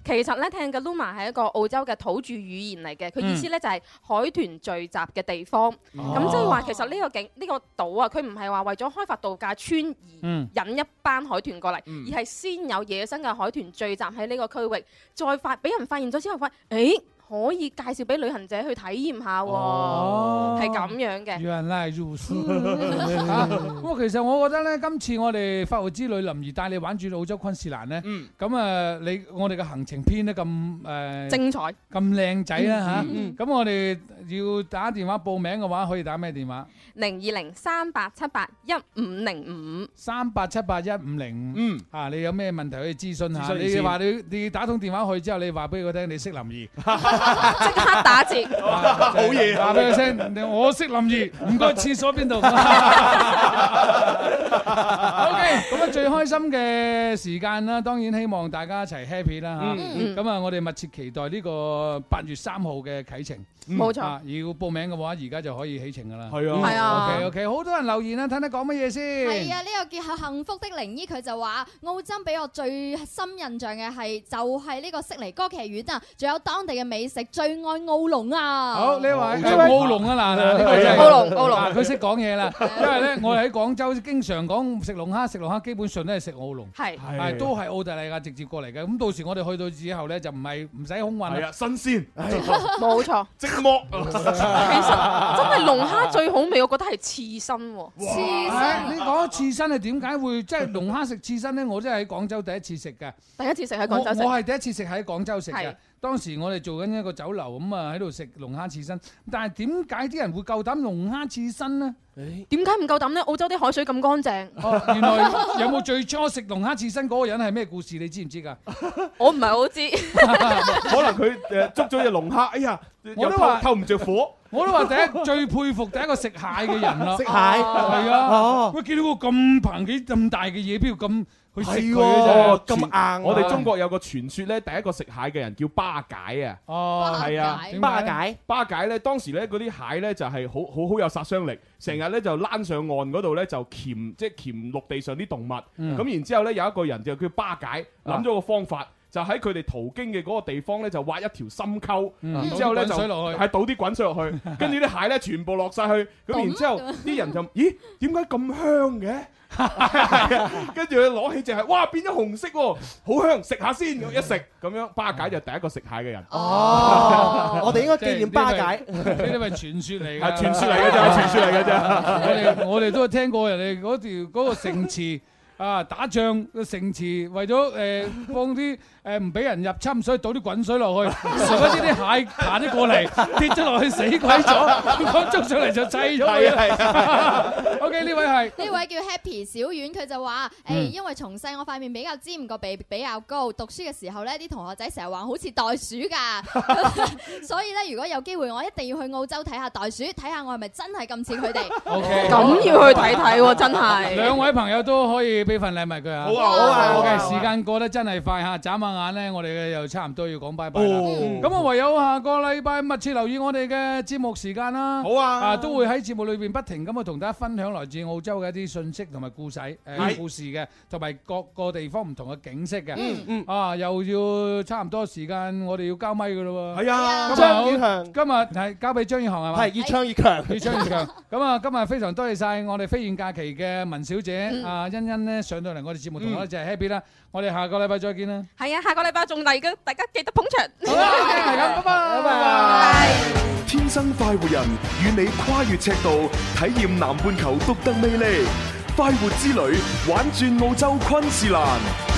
Speaker 8: 其實咧，Tangalooma 係一個澳洲嘅土著語言嚟嘅，佢、嗯、意思咧就係海豚聚集嘅地方。咁即係話，其實呢個景、呢、呢個島啊，佢唔係話為咗開發度假村而引一班海豚過嚟，嗯、而係先有野生嘅海豚聚集喺呢個區域，再發俾人發現咗之後，發，誒。可以介紹俾旅行者去體驗下喎，係咁、哦、樣嘅。
Speaker 4: 原來如此。不過其實我覺得咧，今次我哋發號之旅林怡帶你玩轉澳洲昆士蘭咧，咁、嗯、啊你我哋嘅行程編得咁誒精彩，咁靚仔啦嚇，咁我哋。要打電話報名嘅話，可以打咩電話？
Speaker 8: 零二零三八七八一五零五三
Speaker 4: 八七八一五零五。嗯，吓、啊、你有咩問題可以諮詢下？你話你你打通電話去之後，你話俾佢聽，你識林儀 <laughs> <laughs> 、
Speaker 8: 啊，即刻打折，好嘢！話俾佢
Speaker 4: 聽，我識林儀，唔該 <laughs> 廁所邊度？OK，咁啊最開心嘅時間啦，當然希望大家一齊 happy 啦吓。咁啊，嗯嗯 <laughs> 我哋密切期待呢個八月三號嘅啟程。冇錯，要報名嘅話，而家就可以起程㗎喇。係啊，OK OK，好多人留言啊，睇睇講乜嘢先。係啊，
Speaker 1: 呢個叫幸福的靈醫，佢就話澳洲俾我最深印象嘅係就係呢個悉尼歌劇院啊，仲有當地嘅美食，最愛澳龍啊。好，呢位呢澳龍
Speaker 4: 啊嗱，呢澳龍澳龍，佢識講嘢啦。因為咧，我哋喺廣州經常講食龍蝦，食龍蝦基本上都係食澳龍，係係都係澳大利亞直接過嚟嘅。咁到時我哋去到之後咧，就唔係唔使空運，係啊新鮮，
Speaker 8: 冇錯，即
Speaker 4: 其實真係龍蝦最
Speaker 8: 好味，我覺得係刺身。刺哇、欸、你講刺身係點解
Speaker 5: 會
Speaker 4: 即係龍蝦食刺身咧？我真係喺廣州第一次食嘅。
Speaker 8: 第一次食喺廣州食，我係第
Speaker 4: 一次食喺廣州食嘅。當時我哋做緊一個酒樓咁啊，喺度食龍蝦刺身。但係點解啲人會
Speaker 8: 夠膽龍蝦刺身呢？點解唔夠膽呢？澳洲啲海水咁乾淨？哦。原來有
Speaker 4: 冇最初食龍蝦刺身嗰個人係咩故事？你知唔知㗎？
Speaker 8: 我唔係好知。
Speaker 5: 可
Speaker 4: 能佢誒捉咗隻龍蝦，哎呀，
Speaker 8: 我都話透
Speaker 4: 唔着火。
Speaker 8: 我都話第一最
Speaker 6: 佩服第一個食蟹嘅人啦。食蟹係啊，喂、嗯
Speaker 4: 啊，見到個咁龐幾、咁大嘅嘢，譬如咁。佢試喎，咁、哦、硬、啊。我哋中國
Speaker 6: 有個傳説咧，第一個食蟹嘅人叫巴解啊。哦，
Speaker 4: 係啊，巴
Speaker 6: 解，啊、巴解咧。當時咧嗰啲蟹咧就係、是、好好好有殺傷力，成日咧就躝上岸嗰度咧就鉗，即係鉗陸地上啲動物。咁、嗯嗯、然後之後咧有一個人就叫巴解，諗咗個方法。啊就喺佢哋途經嘅嗰個地方咧，就挖一條深溝，嗯、然之後咧就水落去，係倒啲滾水落去，跟住啲蟹咧全部落晒去，咁然之後啲人就咦，點解咁香嘅？跟住佢攞起隻係，哇，變咗紅色喎，好香，食下先一食咁樣，巴解就
Speaker 4: 第一個食蟹嘅人。
Speaker 5: 哦， <laughs>
Speaker 6: 我哋應該紀念巴
Speaker 5: 解。
Speaker 4: 呢啲咪傳説嚟
Speaker 5: 嘅，
Speaker 1: 傳説嚟嘅啫，傳説嚟嘅啫。我哋
Speaker 4: 我哋都有聽過人哋嗰條嗰個城池啊，打仗嘅城池，為咗誒、呃、放啲。誒唔俾人入侵，所以倒啲滾水落去，唔知啲蟹行咗過嚟，跌咗落去死鬼咗，一講捉上嚟就砌咗。
Speaker 1: O K，呢位係呢位叫 Happy 小丸。佢就話：誒、嗯，因為從細我塊面比較尖，個鼻比較高，讀書嘅時候咧，啲同學仔成日話好似袋鼠㗎， <laughs> <laughs> 所以咧如果有機會，我一定要去澳洲睇下袋鼠，睇下我係咪真係咁似佢哋。O K，
Speaker 4: 咁要去睇睇喎，真係。 <laughs> 兩位朋友都可以俾份禮物佢啊。好啊哇，好啊，O K，時間過得真係快嚇，眨下晚咧，我哋嘅又差唔多要講拜拜啦。咁我唯有下個禮拜密切留意我哋嘅節目時間啦。好啊，啊都會喺節目裏邊不停咁樣同大家分享來自澳洲嘅一啲信息、同埋故事，誒故事嘅，同埋各個地方唔同嘅景色嘅。嗯嗯，啊又要差唔多時間，我哋要交咪噶咯。係啊，張宇航，今日係交俾張宇航係嘛？係越唱越強，越唱越強。咁啊，今日非常多謝晒我哋飛燕假期嘅文小姐啊，欣欣咧上到嚟我哋節目，同我哋就係 happy 啦。我哋下個禮拜再見啦。
Speaker 8: 係啊。下個禮拜仲嚟嘅，大家記得
Speaker 5: 捧場。好，係咁，拜拜。天生快活人，
Speaker 3: 與你跨越赤道，體驗南半球獨特魅力，快活之旅，玩轉澳洲昆士蘭。